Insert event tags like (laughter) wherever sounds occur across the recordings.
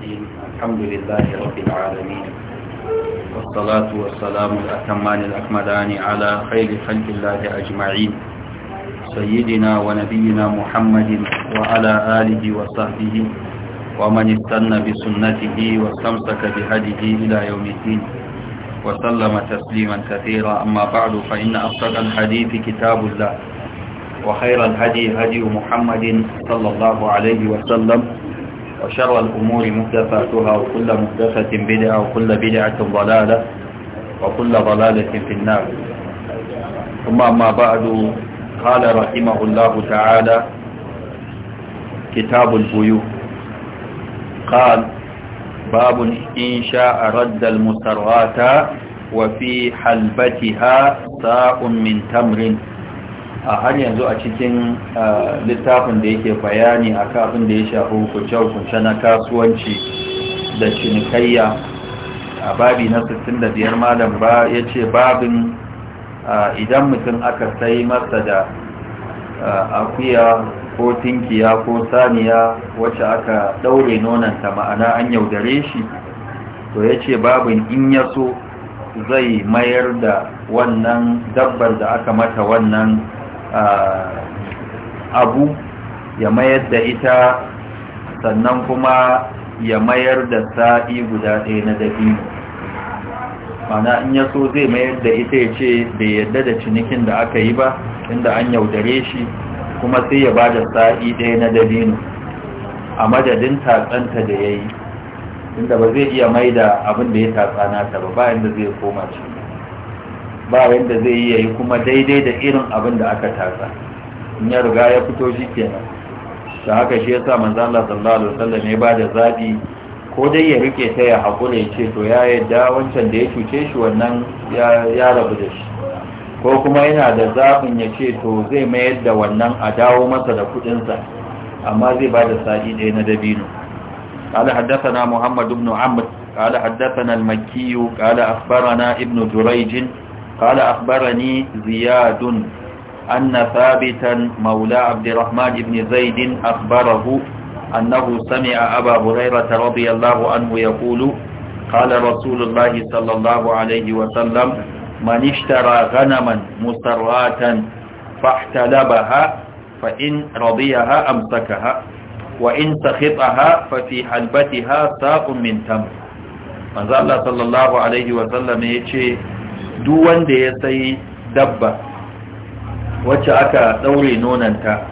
الرحيم الحمد لله رب العالمين والصلاة والسلام الأتمان الأكمدان على خير خلق الله أجمعين سيدنا ونبينا محمد وعلى آله وصحبه ومن استنى بسنته واستمسك بهديه إلى يوم الدين وسلم تسليما كثيرا أما بعد فإن أصدق الحديث كتاب الله وخير الهدي هدي محمد صلى الله عليه وسلم وشر الأمور مهدفاتها وكل مهدفة بدعة وكل بدعة ضلالة وكل ضلالة في النار ثم ما بعد قال رحمه الله تعالى كتاب البيوع قال باب إنشاء رد المسرات وفي حلبتها ساء من تمر a har yanzu a cikin littafin da yake bayani a kafin da ya shafi hukunce-hukunce na kasuwanci da cinikayya a babi na 65 malam ba ya ce babin idan mutum aka sai masa da akuya ko tinkiya ko saniya wacce aka daure nonanta ma'ana an yaudare shi to ya ce babin in ya so zai mayar da wannan dabbar da aka mata wannan Uh, abu ya mayar da ita sannan kuma ya mayar da sa'i guda ɗaya na dabino mana in ya so zai mayar da ita ya ce bai yadda da cinikin da aka yi ba inda an yaudare shi kuma sai ya ba da sa'i ɗaya na dabino a madadin tatsanta da ya yi inda ba zai iya mai da abin da ya tatsana ta ba bayan da zai koma cikin ba wanda zai yi yayi kuma daidai da irin abin da aka tasa in ya riga ya fito shi kenan da haka shi yasa manzo Allah sallallahu alaihi wasallam ya bada zabi ko dai ya rike ta ya hakura ya ce to ya yadda wancan da ya cuce shi wannan ya rabu da shi ko kuma yana da zaɓin ya ce to zai mayar da wannan a dawo masa da kuɗinsa amma zai bada da sa'i ɗaya na dabino قال حدثنا محمد بن عمرو قال حدثنا المكي قال اخبرنا ابن جريج قال أخبرني زياد أن ثابتا مولى عبد الرحمن بن زيد أخبره أنه سمع أبا هريرة رضي الله عنه يقول قال رسول الله صلى الله عليه وسلم من اشترى غنما مسراتا فاحتلبها فإن رضيها أمسكها وإن سخطها ففي حلبتها ساق من تمر manzo Allah sallallahu alaihi wa sallam yace duk wanda ya sai dabba wacce aka daure nonanta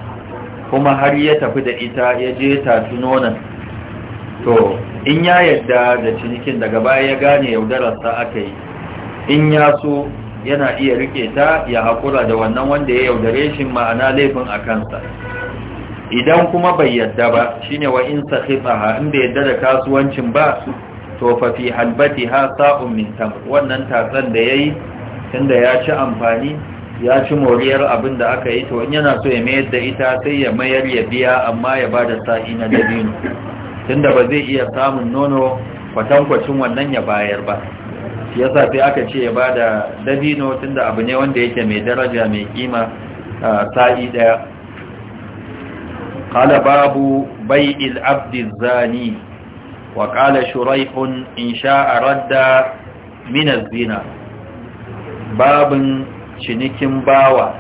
kuma har ya tafi da ita ya je tafi nonan to in ya yadda da cinikin daga baya ya gane yaudararsa aka yi in ya so yana iya rike ta ya haƙura da wannan wanda ya yaudare shi ma'ana laifin a kansa idan kuma bai yadda ba shine wa in sahifaha in bai yadda da kasuwancin ba to fa fi ha sa'un min tam wannan tatsan da yayi tunda ya ci amfani ya ci moriyar abin da aka yi to in yana so ya mayar da ita sai ya mayar ya biya amma ya bada sa'i na dabino tunda ba zai iya samun nono kwatankwacin wannan ya bayar ba shi yasa sai aka ce ya bada dabino tunda abu ne wanda yake mai daraja mai kima sa'i daya qala babu bai'il abdi zani وقال شريح إن شاء رد من الزنا باب cinikin bawa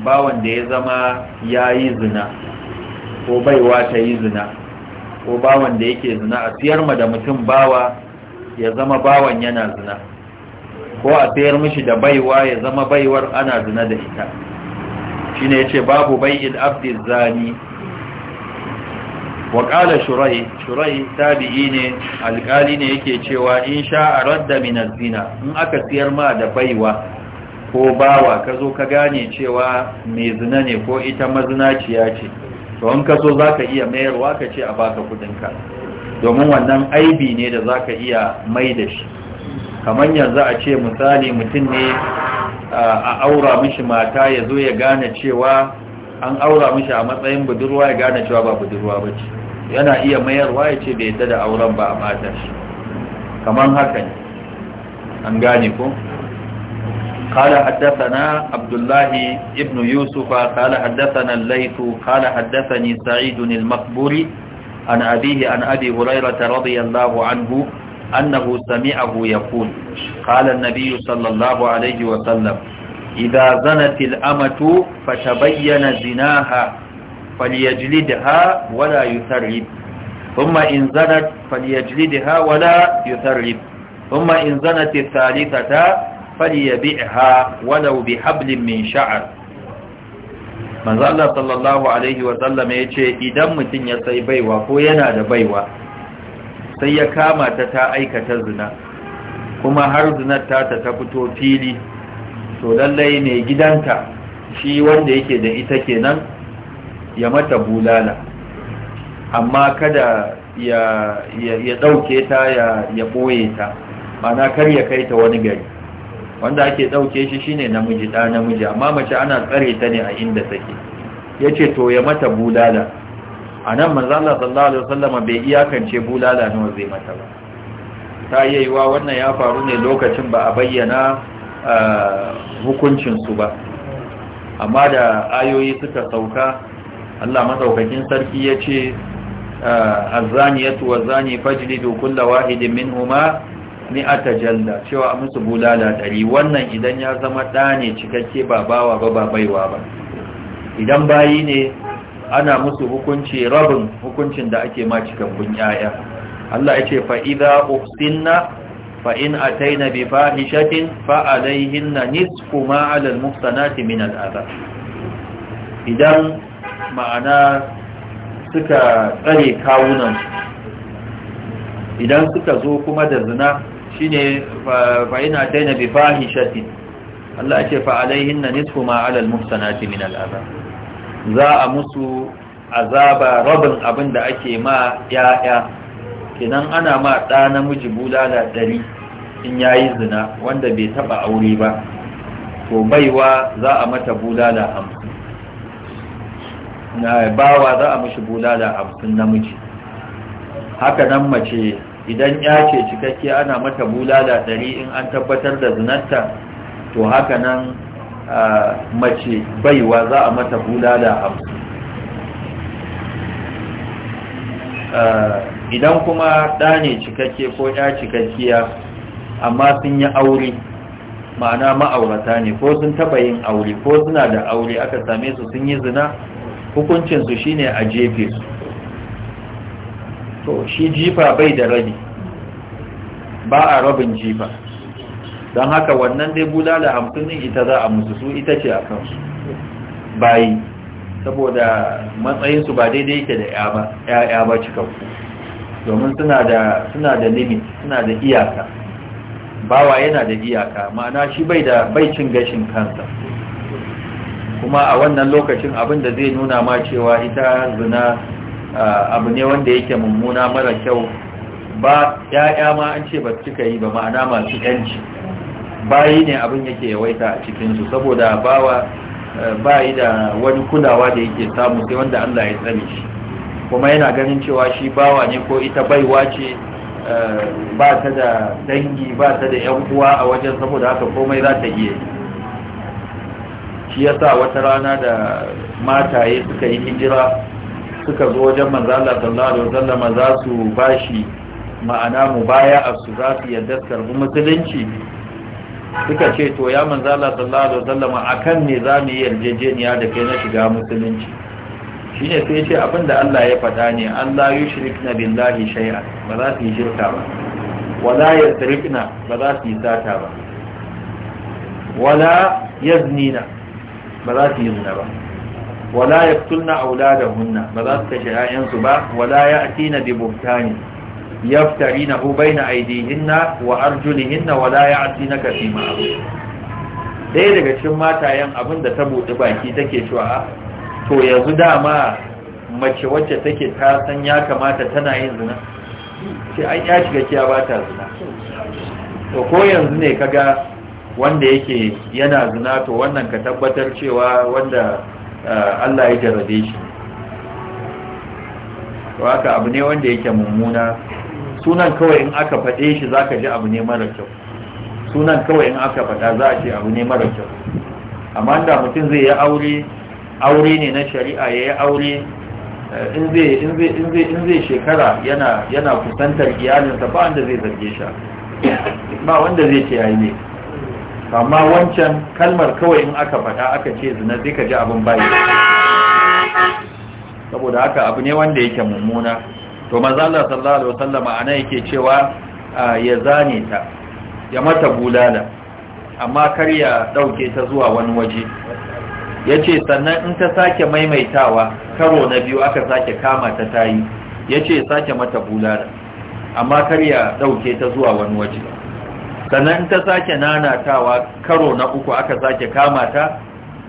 bawan da ya zama ya yi zina ko baiwa ta yi zina ko bawan da yake zina a siyar ma da mutum bawa ya zama bawan yana zina ko a siyar mishi da baiwa ya zama baiwar ana zina da ita shine yace babu bai'il abdi zani Waƙala qala shurai shurai tabi'i ne alƙali ne yake cewa in sha radda min zina in aka siyar ma da baiwa ko bawa ka zo ka gane cewa mai zina ne ko ita mazinaciya ce to in ka zo zaka iya mayarwa ka ce a baka ka domin wannan aibi ne da za ka iya mai da shi kamar yanzu a ce misali mutum ne a aura mishi mata ya zo ya gane cewa an aura mishi a matsayin budurwa ya gane cewa ba budurwa ba ce yana iya mayarwa ya ce bai yadda da auren ba a matar kamar haka ne an gane ko kala haddasa abdullahi Ibnu yusufa kala haddasa na laifu kala haddasa ni sa'idun ilmakburi an abihi an abi hurairata radiyallahu anhu annahu sami'ahu ya kun kala nabi sallallahu alaihi wasallam idan zanatil amatu fa tabayyana zinaha فليجلدها ولا يثرب ثم إن زنت الثالثة فليبيعها ولو بحبل من شعر manzo Allah sallallahu alaihi wa yace idan mutum ya sai baiwa ko yana da baiwa sai ya kama ta ta aikata zina kuma har zinar ta ta fito fili to lallai ne gidanta shi wanda yake da ita kenan ya mata bulala amma kada ya ɗauke ta ya ɓoye ta mana kar ya kai ta wani gari wanda ake ɗauke shi shine namiji ɗa namiji amma mace ana tsare ta ne a inda take ya ce to ya mata bulala a nan manzala sallallahu alaihi wasallama bai iyakance bulala nawa zai mata ba ta yaiwa wannan ya faru ne lokacin ba a bayyana ah, hukuncinsu ba amma da ayoyi suka sauka Allah madaukakin sarki ya ce ah, azzaniyatu wazzani fajlidu kulla wahidin minhuma mi'ata jalla cewa musu bulala ɗari wannan idan ya zama ɗa ne cikakke ba bawa ba ba baiwa ba idan bayi ne ana musu hukunci rabin hukuncin da ake ma cikakkun yaya Allah ya ce fa'iza ufsinna fa'in a taina bi fahishatin fa'alaihin na nisku ma'alar mufsanati min al'adha idan ma'ana suka tsare kawunan idan suka zo kuma da zina shine fa ina daina bi fahishatin Allah ce fa alaihinna nisfu ma alal min za a musu azaba rabin abin da ake ma ya'ya Kinan ana ma ɗa namiji bulala ɗari in yayi zina wanda bai taɓa aure ba to baiwa za a mata bulala hamsin bawa za a mishi bulala hamsin namiji haka nan mace idan ya ce cikakke ana mata bulala ɗari in an tabbatar da zinanta to haka nan mace baiwa za a mata bulala hamsin idan kuma ɗa ne cikakke ko ya cikakkiya amma sun yi aure ma'ana ma'aurata ne ko sun taɓa yin aure ko suna da aure aka same su sun yi zina hukuncinsu shine a jefe su to shi jifa bai da rabi ba a rabin jifa don haka wannan dai bulala hamsin ita za a musu su ita ce a kansu bayi saboda matsayinsu ba daidai yake da ‘ya'ya ba cikakku domin suna da limit suna da iyaka bawa yana da iyaka ma'ana shi bai bai cin gashin kansa kuma a wannan lokacin abin da zai nuna ma cewa ita zina abu ne wanda yake mummuna mara kyau ba ya'ya ma an ce ba cika yi ba ma'ana masu yanci bayi ne abin yake yawaita a cikinsu saboda bawa eh, bayi da wani kulawa da yake samu sai wanda Allah ya tsare shi kuma yana ganin cewa shi bawa ne ko ita baiwa ce eh, ba ta da dangi ba ta da yan uwa a wajen saboda haka komai za ta iya yi shi yasa wata rana da mataye suka yi hijira suka zo wajen manzala sallallahu alaihi wasallam za su bashi ma'ana mubaya'a su za su yarda su karbi musulunci suka ce to ya manzala sallallahu alaihi wasallam akan ne za mu yi yarjejeniya da kai na shiga musulunci shine sai ce abinda Allah ya faɗa ne Allah yushrikna billahi shay'an ba za su yi shirka ba wala yasrifna ba za su yi sata ba wala yaznina ba za su yi zina ba wala da hunna. ba za su kashe 'ya'yansu ba wala na bi buhtani na baina Hinna wa arjulihinna wala ya'tinaka fi ma'ruf ɗaya daga cikin matayen abinda ta buɗi baki take cewa to yanzu dama mace wacce take ta san ya kamata tana yin zina sai an ya shiga kiya ba ta zina to ko yanzu ne ka ga. wanda yake yana zina to wannan ka tabbatar cewa wanda eh, Allah ya jarabe shi to haka abu ne wanda yake mummuna sunan kawai in aka faɗe shi za ka ji abu ne mara kyau sunan kawai in aka faɗa za a ce abu ne mara kyau amma da mutum zai yi aure aure ne na shari'a ya yi aure eh, in zai shekara yana kusantar iyalinsa ba wanda zai zarge shi ba wanda zai ce ya yi ne amma wancan kalmar kawai in aka faɗa aka ce zina sai ka ji abin bayi saboda haka abu ne wanda yake mummuna to manzo Allah sallallahu alaihi wasallam ana yake cewa ya zane ta ya mata bulala amma kar ya dauke ta zuwa wani waje yace sannan in ta sake maimaitawa karo na biyu aka sake kama ta tayi yace sake mata bulala amma kar ya dauke ta zuwa wani waje sannan ta sake nanatawa karo na uku aka sake kama ta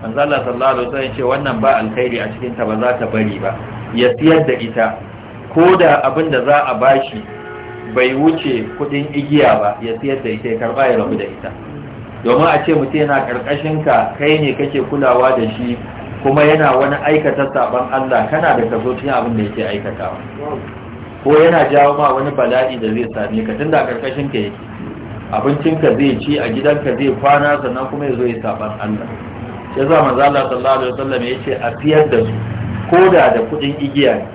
manzala sallallahu alaihi ce wannan ba alkhairi a cikin ta ba za ta bari ba ya siyar da ita ko da abin da za a bashi bai wuce kudin igiya ba ya siyar da ita ya karba ya rabu da ita domin a ce mutum yana karkashin ka kai ne kake kulawa da shi kuma yana wani aikata saban Allah kana da kaso cikin abin da yake aikatawa ko yana jawo ma wani bala'i da zai same ka tunda karkashin ka yake abincinka zai ci a gidanka zai kwana sannan kuma ya zo ya saban Allah ya za manzala sallallahu alaihi wasallam ya ce a siyar da su koda da kudin igiya ne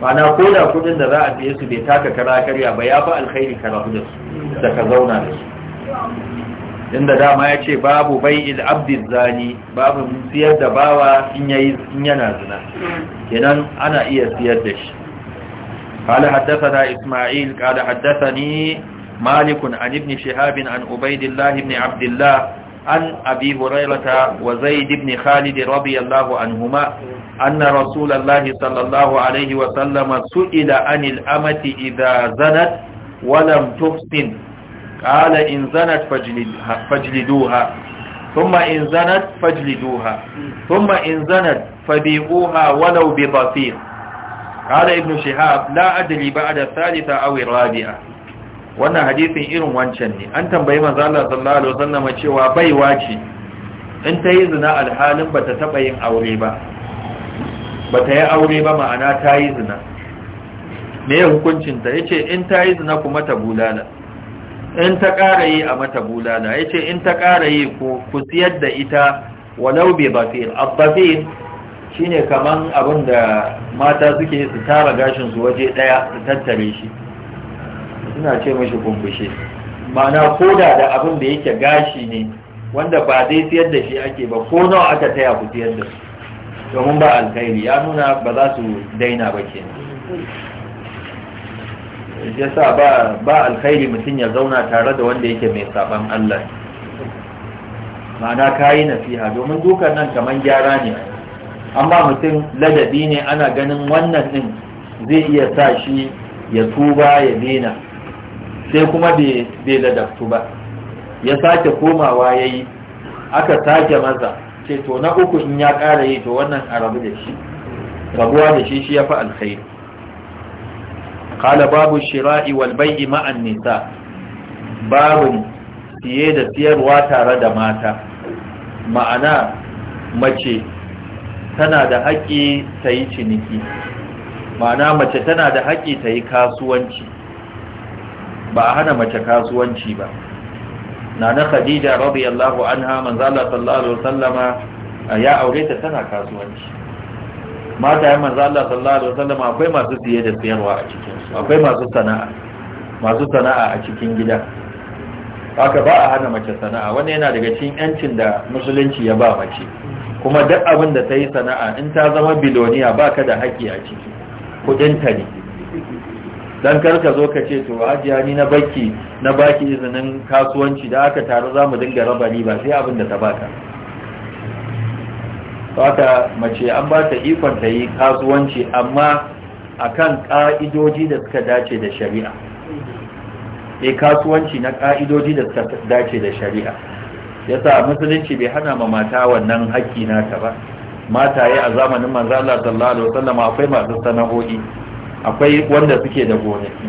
mana koda kudin da za a siye su bai taka kara karya ba ya fi alkhairi karatu da su da ka zauna da su inda dama ya ce babu bai'il Abdi zani babu siyar da bawa in yana zina kenan ana iya siyar da shi قال حدثنا إسماعيل قال حدثني مالك عن ابن شهاب عن عبيد الله بن عبد الله عن أبي هريرة وزيد بن خالد رضي الله عنهما أن رسول الله صلى الله عليه وسلم سئل عن الأمة إذا زنت ولم تفسن قال إن زنت فاجلدوها, فاجلدوها ثم إن زنت فاجلدوها ثم إن زنت فبيعوها ولو بضفير قال ابن شهاب لا أدري بعد الثالثة أو الرابعة wannan hadisin irin wancan ne an tambayi manzo Allah sallallahu alaihi wasallam cewa baiwa ce in ta yi zina alhalin bata taba yin aure ba bata yi aure ba ma'ana ta yi zina me ya hukuncin ta yace in ta yi zina kuma ta bulala in ta ƙara yi a mata bulala yace in ta ƙara yi ku ku siyar da ita walau bi batil abbatil shine kaman abin da mata suke su tara gashin su waje daya su tattare shi suna ce mashi kunkushe mana ko da da abin da yake gashi ne wanda ba zai siyar da shi ake ba ko nawa aka taya ku siyar da su domin ba alkhairi ya nuna ba za su daina ba ke Ya ba ba alkhairi mutum ya zauna tare da wanda yake mai saban Allah ma'ana kayi nasiha domin dukan nan kamar gyara ne amma mutum ladabi ne ana ganin wannan din zai iya sa shi ya tuba ya daina sai kuma bai daftu ba ya sake komawa ya yi aka sake maza ce to na uku in ya ƙara yi to wannan a rabu da shi rabuwa da shi shi ya fi alkhairi kala babu shira'i wal bai'i ma'an nisa babu siye da siyarwa tare da mata ma'ana mace tana da haƙƙi ta yi ciniki ma'ana mace tana da haƙƙi ta yi kasuwanci ba a hana mace kasuwanci ba na na khadija radiyallahu anha Allah sallallahu alaihi wasallama ya aure ta tana kasuwanci mata ya Allah sallallahu alaihi wasallama akwai masu siye da siyarwa a cikin su akwai masu sana'a masu sana'a a cikin gida haka ba a hana mace sana'a wanda yana daga cikin yancin da musulunci ya ba mace kuma duk abin da ta yi sana'a in ta zama biloniya ba ka da haƙƙi a ciki kuɗinta ne dan karka zo ka ce to hajiya ni na baki na baki izinin kasuwanci da aka taru za mu dinga raba ba sai abin da ta baka baka mace an ba ta ikon ta yi kasuwanci amma akan ka'idoji da suka dace da shari'a e kasuwanci na ka'idoji da suka dace da shari'a yasa musulunci bai hana ma mata wannan haƙƙi ta ba Mata yi a zamanin manzo Allah sallallahu alaihi wasallam akwai masu sana'o'i akwai wanda suke da gonaki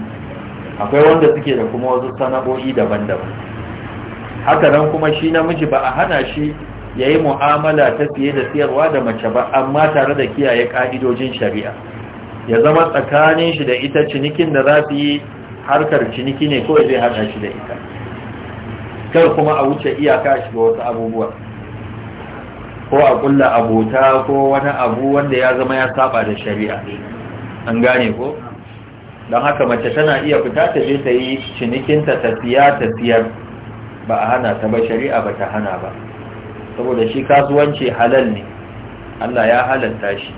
akwai wanda suke da kuma wasu sana'o'i daban-daban haka nan kuma shi namiji ba a hana shi ya yi mu'amala ta fiye da siyarwa da mace ba amma tare da kiyaye ƙa'idojin shari'a ya zama tsakanin shi da ita cinikin da za su yi harkar ciniki ne kawai zai hana shi da ita kar kuma a wuce iyaka shi ga wasu abubuwa ko a kulla abota ko wani abu wanda ya zama ya saba da shari'a an gane ko don haka mace tana iya fita ta je ta yi cinikinta tafiya tafiyar ba a hana ta ba shari'a ba ta hana ba saboda shi kasuwanci halal ne Allah ya halatta shi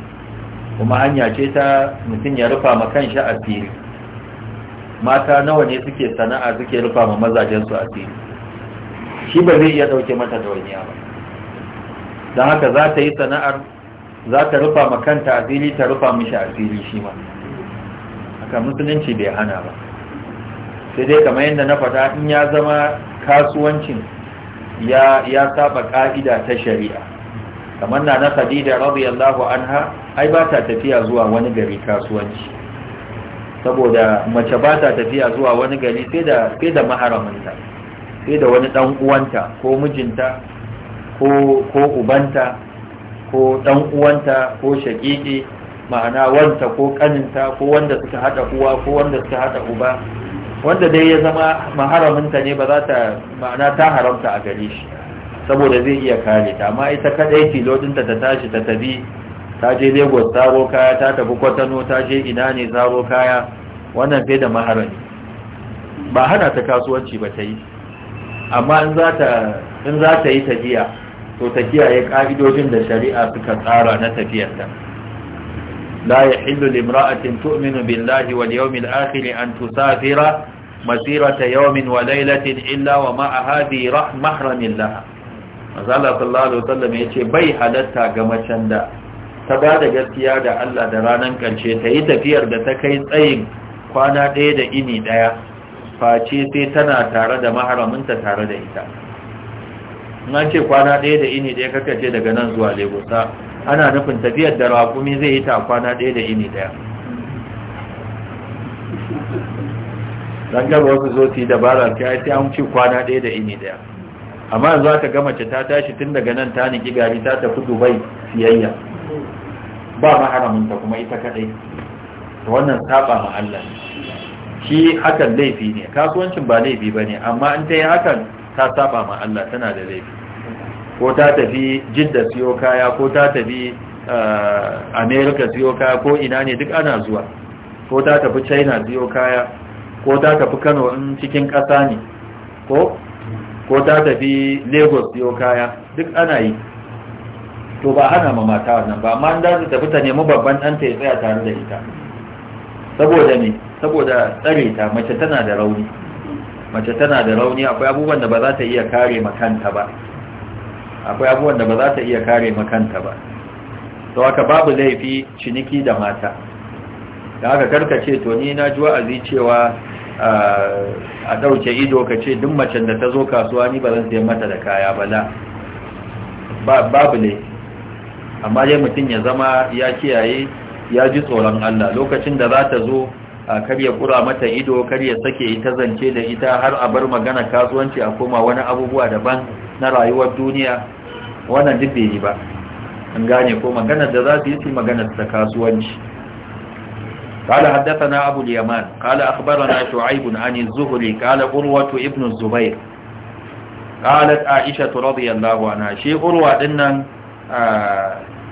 kuma hanya ce ta mutum ya rufa ma kanshi a fili mata nawa ne suke sana'a suke rufa ma mazajensu a fili shi ba zai iya ɗauke mata wani ba don haka za ta yi sana'ar za ta rufa makanta a fili ta rufa mishi a fili shi ma haka musulunci bai hana ba sai dai kamar yadda na fata in ya zama kasuwancin ya saba ƙa'ida ta shari'a kamar na na yallahu an anha ai ba ta tafiya zuwa wani gari kasuwanci saboda mace ba ta tafiya zuwa wani gari sai da maharamanta, sai da wani ɗan uwanta ko mijinta ko ubanta ko dan uwanta ko shaƙiƙi ma'ana wanta ko kaninta ko wanda suka hada uwa ko wanda suka hada uba wanda dai ya zama maharaminta ne ba za ta ma'ana ta haramta a gare shi saboda zai iya kare ta amma ita kadai tilo ta tashi ta tabi ta je Lagos zaro kaya ta tafi Kwatano ta je ina ne zaro kaya wannan fai da maharami ba hana ta kasuwanci ba ta yi amma in za ta yi ta tajiya to ta kiyaye ƙa'idojin da shari'a suka tsara na tafiyarta la yahillu limra'atin tu'minu billahi wal yawmil akhir an tusafira masirata yawmin wa laylatin illa wa ma'aha bi mahramin laha Allah sallallahu alaihi wasallam yace bai halatta ga macen da ta ba da gaskiya da Allah da ranar ƙarshe ta yi tafiyar da ta kai tsayin kwana ɗaya da ini ɗaya face sai tana tare da maharaminta tare da ita na ce kwana ɗaya da ini ɗaya kakace daga nan zuwa legusa ana nufin tafiyar da rakumi zai yi ta kwana ɗaya da ini ɗaya don gaba wasu zo su yi dabara ta yi ta ce kwana ɗaya da ini ɗaya amma yanzu ta ga mace ta tashi tun daga nan ta niki gari ta tafi dubai siyayya ba maharaminta kuma ita kaɗai ta wannan saba ma'allar Allah shi hakan laifi ne kasuwancin ba laifi ba ne amma in ta yi hakan ta saba ma Allah tana da laifi ko ta tafi jidda siyo kaya ko ta tafi eh, america siyo kaya ko ina ne duk ana zuwa ko ta tafi china siyo kaya ko ta tafi kano in cikin ƙasa ne ko ko ta tafi lagos siyo kaya duk ana yi to ba hana ma mata wannan ba amma da su tafi ta nemi babban ɗanta ya tsaya tare da ita saboda ne saboda tsare ta mace tana da rauni mace tana da rauni akwai abubuwan da ba za ta iya kare makanta ba akwai abubuwan da ba za ta iya kare makanta ba to haka babu laifi ciniki da mata da haka ce to ni na ji wa'azi cewa a dauke ido ka ce duk macen da ta zo kasuwa ni ba zan sayan mata da kaya ba la babu ne amma dai mutum ya zama ya kiyaye ya ji tsoron Allah lokacin da za ta zo kar ya kura mata ido kar ya sake ita zance da ita har a bar magana kasuwanci a koma wani abubuwa daban na rayuwar duniya wannan duk bai yi ba an gane ko maganar da za su yi su maganar ta kasuwanci قال حدثنا أبو اليمان قال أخبرنا شعيب عن الزهري قال قروة ابن الزبير قالت عائشة رضي الله عنها شيء قروة إنن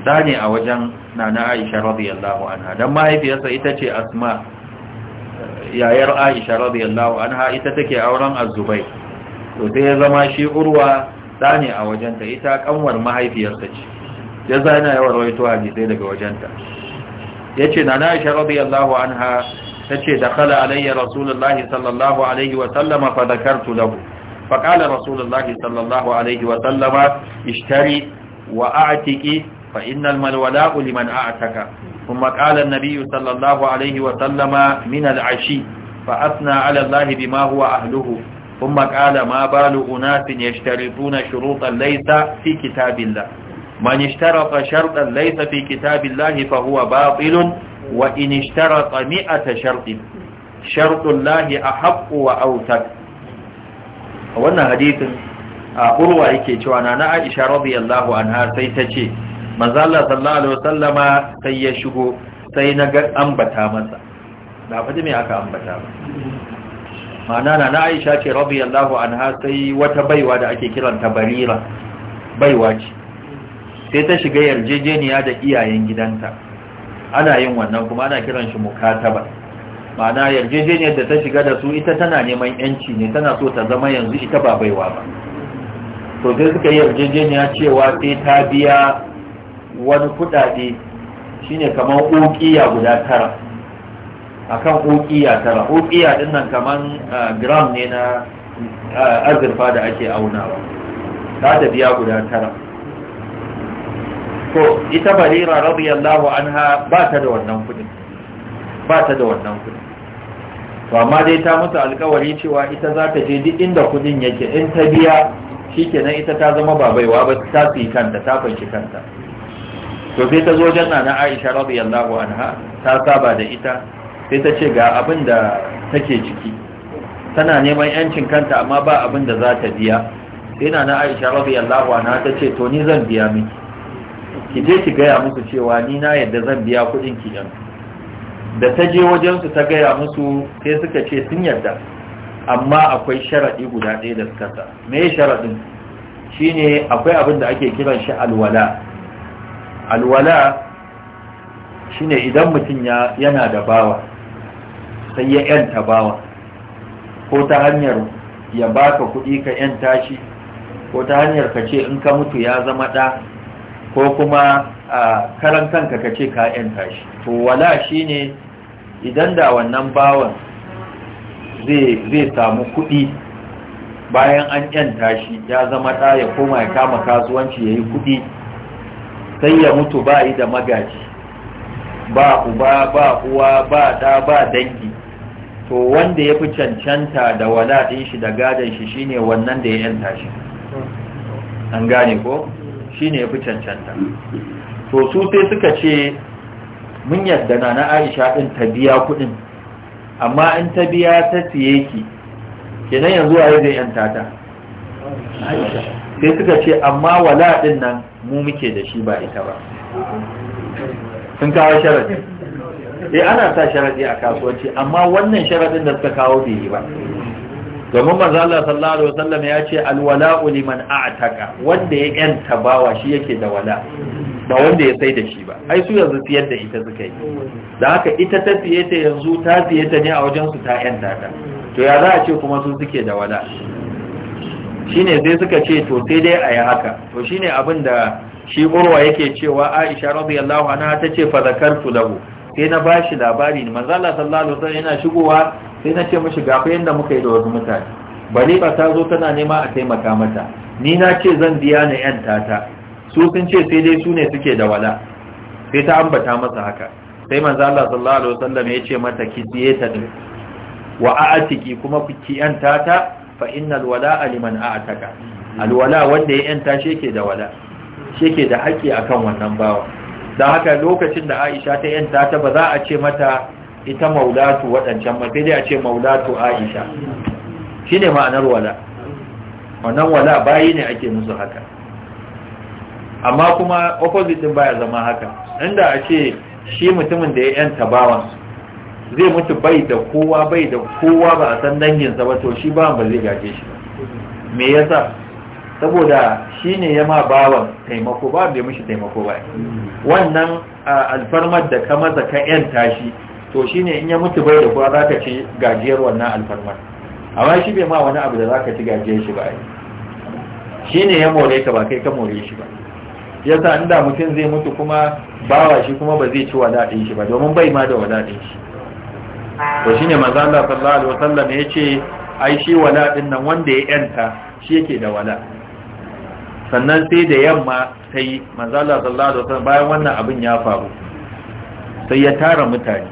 داني أوجن نانا عائشة رضي الله عنها لما هي في ita ce asma. yayar Aisha radiyallahu anha ita take auren Az-Zubayr to sai ya zama shi Urwa da a wajenta ita kanwar mahaifiyarsa ce ya zana yawan rawaito hadisai daga wajenta yace nana Aisha radiyallahu anha tace dakhala alayya Rasulullahi sallallahu alaihi wa sallama fa dhakartu lahu fa qala Rasulullahi sallallahu alaihi wa sallama ishtari wa a'tiki fa innal malwala'u liman a'taka ثم قال النبي صلى الله عليه وسلم من العشي فأثنى على الله بما هو أهله ثم قال ما بال أناس يشترطون شروطا ليس في كتاب الله من اشترط شرطا ليس في كتاب الله فهو باطل وإن اشترط مئة شرط شرط الله أحق وأوثق wannan hadisin a urwa yake cewa na na Aisha radiyallahu anha sai ta ce mazala sallallahu alaihi wasallama sai ya shigo sai na ga ambata masa da faɗi mai aka ambata ba na na aisha ce radiyallahu anha sai wata baiwa da ake kiranta barira baiwa ce sai ta shiga yarjejeniya da iyayen gidanta ana yin wannan kuma ana kiran shi mukataba ma'ana yarjejeniyar da ta shiga da su ita tana neman yanci ne tana so ta zama yanzu ita ba baiwa ba to sai suka yi yarjejeniya cewa sai ta biya wani kudade shine kamar ukiya guda tara akan ukiya tara ukiya din nan kamar gram ne na azurfa da ake aunawa ta biya guda tara Ko ita barira radiyallahu anha ba ta da wannan kudin ba ta da wannan kudin to amma dai ta mutu alkawari cewa ita za ta je duk inda kudin yake in ta biya shi kenan ita ta zama babaiwa ba ta fi kanta ta fanci kanta to sai ta zo janna na Aisha radiyallahu anha ta saba da ita sai ta ce ga abin da take ciki tana neman yancin kanta amma ba abin da za ta biya sai na Aisha radiyallahu anha ta ce to ni zan biya miki ki je ki gaya musu cewa ni na yadda zan biya kuɗin ki yan da ta je wajen su ta gaya musu sai suka ce sun yadda amma akwai sharaɗi guda ɗaya da suka sa me sharaɗin shine akwai abin da ake kiran shi alwala alwala shine idan mutum yana da bawa sai ya yanta bawa ko ta hanyar ya baka kuɗi ka yanta shi ko ta hanyar ka ce in ka mutu ya zama ɗa ko kuma a karan kanka ka ce ka yanta shi to wala shine idan da wannan bawan zai samu kuɗi bayan an yanta shi ya zama ɗa ya koma ya kama kasuwanci ya yi kuɗi sai ya mutu ba yi da magaji ba uba ba uwa ba da ba dangi to wanda ya fi cancanta da wala ɗin shi da gadon shi shine wannan da ya yanta shi an gane ko shine ya fi cancanta to su sai suka ce mun yarda na na aisha ɗin ta biya kuɗin amma in ta biya ta siye ki kenan yanzu a yi zai yanta ta sai suka ce amma wala din nan mu muke da shi ba ita ba sun kawo sharadi eh ana sa sharadi a kasuwanci amma wannan sharadin da suka kawo bai yi ba domin manzo Allah sallallahu alaihi wasallam ya ce alwala'u liman a'taka wanda ya yanta bawa shi yake da wala ba wanda ya sai da shi ba ai su yanzu siyar da ita suka yi da haka ita ta siye ta yanzu ta siye ta ne a wajen su ta yanta ta to ya za a ce kuma su suke da wala shine sai suka ce to sai dai a yi haka to shine abin da shi urwa yake cewa aisha radiyallahu anha ta ce fa zakartu lahu sai na bashi labari ne manzo Allah sallallahu alaihi wasallam yana shigowa sai na ce mishi ga yanda muka yi da wasu mutane bari ba ta zo tana nema a taimaka mata ni na ce zan biya ni yan tata su sun ce sai dai su ne suke da wala sai ta ambata masa haka sai manzo Allah sallallahu alaihi wasallam ya ce mata ki biye ta wa a'atiki kuma ki yan fa innal wala'a liman a'taka alwala wanda ya yanta sheke da wala sheke da haƙi akan wannan bawa dan haka lokacin da Aisha ta yanta ta ba za a ce mata ita maulatu waɗancan ba sai dai a ce maulatu Aisha shine ma'anar wala wannan wala bayi ne ake musu haka amma kuma opposite din baya zama haka inda a ce shi mutumin da ya yanta bawansa zai mutu bai da kowa bai da kowa ba a san danginsa ba to shi bawan ba zai gaje shi me yasa saboda shi ne ya ma bawan taimako ba bai mishi taimako ba wannan alfarmar da ka maza ka yanta shi to shi ne in ya mutu bai da kowa za ka ci gajiyar wannan alfarmar amma shi bai ma wani abu da za ka ci gajiyar shi ba shi ne ya more ka ba kai ka more shi ba yasa inda mutum zai mutu kuma bawa shi kuma ba zai ci wadaɗin shi ba domin bai ma da wadaɗin shi to ne manzo Allah sallallahu alaihi wasallam ce ai shi wala din nan wanda ya yanta shi yake da wala sannan sai da yamma sai manzo Allah sallallahu alaihi wasallam bayan wannan abin ya faru sai ya tara mutane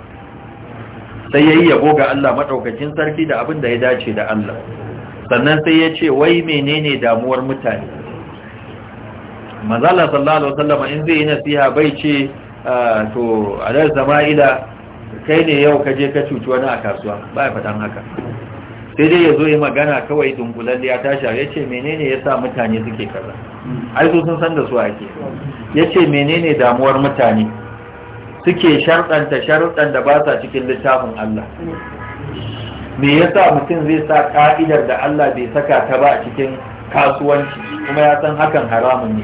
sai yayi yabo ga Allah madaukakin sarki da abin da ya dace da Allah sannan sai ya ce wai menene damuwar mutane manzo Allah sallallahu alaihi wasallam in zai yi nasiha bai ce ah, to a zama ila kai ne yau ka je ka cuci wani a kasuwa ba ya faɗan haka sai dai ya zo yi magana kawai dunkulalle ya tashi ya ce menene ya sa mutane suke kaza ai su sun san da su ake ya ce menene damuwar mutane suke sharɗanta sharɗan da ba sa cikin littafin Allah me ya sa mutum zai sa ƙa'idar da Allah bai saka ta ba a cikin kasuwanci kuma ya san hakan haramun ne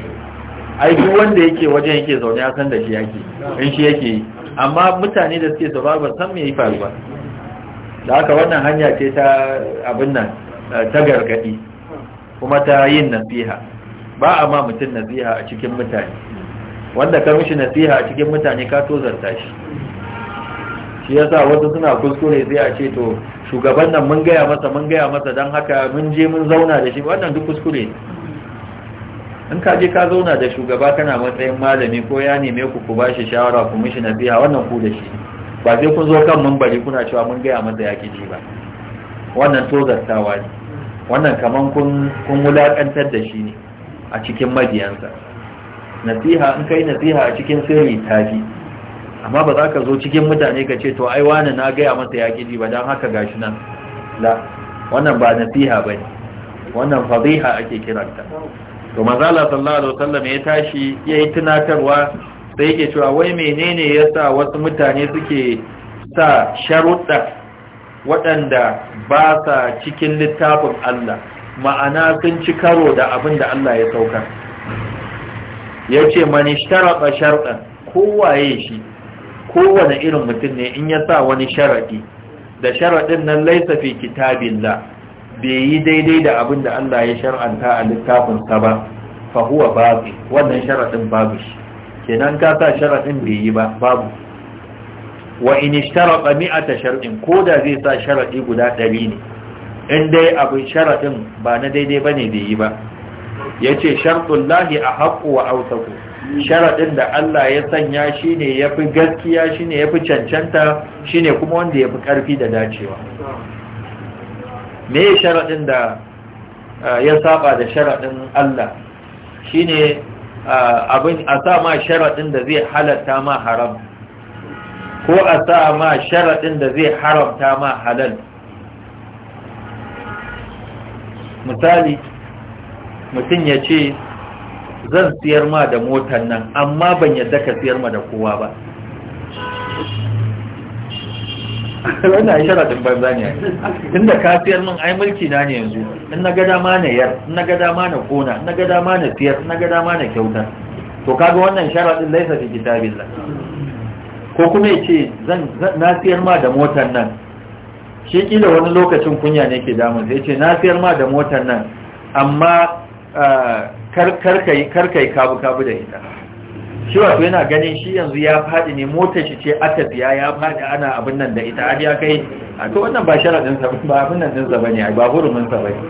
ai duk wanda yake wajen yake zaune ya san da shi yake in shi yake yi amma mutane da suke sauraro ba san me ya faru ba da aka wannan hanya ce ta abin nan ta gargadi kuma ta yin nasiha ba a ma mutum nasiha a cikin mutane wanda ka mishi nasiha a cikin mutane ka tozarta shi shi yasa wasu suna kuskure sai a ce to shugaban nan mun gaya masa mun gaya masa don haka mun je mun zauna da shi wannan duk kuskure ne in ka je ka zauna da shugaba kana matsayin malami ko ya neme ku ku bashi shawara ku mishi nasiha wannan ku da shi ba sai kun zo kan mambari kuna cewa mun gaya masa ya kiji ba wannan to zartawa ne wannan kaman kun kun wulakantar da shi ne a cikin mabiyansa nasiha in kai nasiha a cikin sirri tafi amma ba za ka zo cikin mutane ka ce to ai wani na gaya masa ya kiji ba don haka gashi nan la wannan ba nasiha ba ne wannan fadiha ake kiranta to mazala sallallahu alaihi wasallam ya tashi ya yi tunatarwa sai yake cewa wai menene ya sa wasu mutane suke sa sharuɗa waɗanda ba sa cikin littafin Allah ma'ana sun ci karo da abin da Allah ya sauka ya ce sharaɗa sharɗan kowaye shi kowane irin mutum ne in ya sa wani sharaɗi da sharaɗin nan laisafi kitabin la bai yi daidai da abin da Allah ya shar'anta a littafinsa ba fa huwa babu wannan sharadin babu shi kenan ka sa sharadin bai yi ba babu wa in ishtaraqa mi'ata shar'in koda zai sa sharadi guda 100 ne in dai abin sharadin ba na daidai bane bai yi ba yace shartullahi ahqqu wa awsaqu sharadin da Allah ya sanya shine yafi gaskiya shine yafi cancanta shine kuma wanda yafi karfi da dacewa me ya sharaɗin da uh, ya saba da sharaɗin Allah shine uh, abin a sa ma sharaɗin da zai halatta ma haram ko a sa ma sharaɗin da zai haramta ma halal misali mutum ya ce zan siyar ma da motan nan amma ban yadda ka siyar ma da kowa ba wannan shara sharadin banza ne tunda ka siyar min ai mulki na ne yanzu in na gada ma na yar in na gada ma na kona in na gada ma na siyar in na gada ma na kyauta to kaga wannan sharaɗin laisa fi la? ko kuma yace zan na fiyar ma da motar nan shi kila wani lokacin kunya ne ke damun sai yace na sayar ma da motar nan amma eh, karkai karkai kabu kabu da ita shi wato yana ganin shi yanzu ya faɗi ne motar shi ce aka biya ya faɗi ana abin nan da ita har ya kai a to wannan ba sharaɗin sa ba abin nan din sa ne ba hurumin sa bane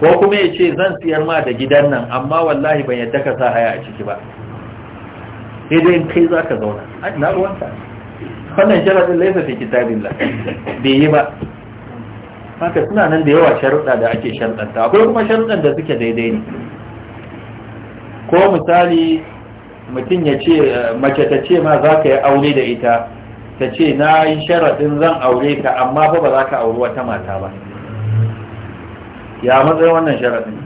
ko kuma ya ce zan siyar ma da gidan nan amma wallahi ban yadda ka sa haya a ciki ba sai dai kai za ka zauna na ina ruwanka wannan sharaɗin laisa fi kitabillah bai yi ba haka suna nan da yawa sharuɗa da ake sharuɗanta akwai kuma sharuɗan da suke daidai ne ko misali mutum ya ce mace ta ce ma za ka yi aure da ita ta ce na yi sharaɗin zan aure ka amma ba ba za ka auri wata mata ba ya matsayin wannan sharaɗin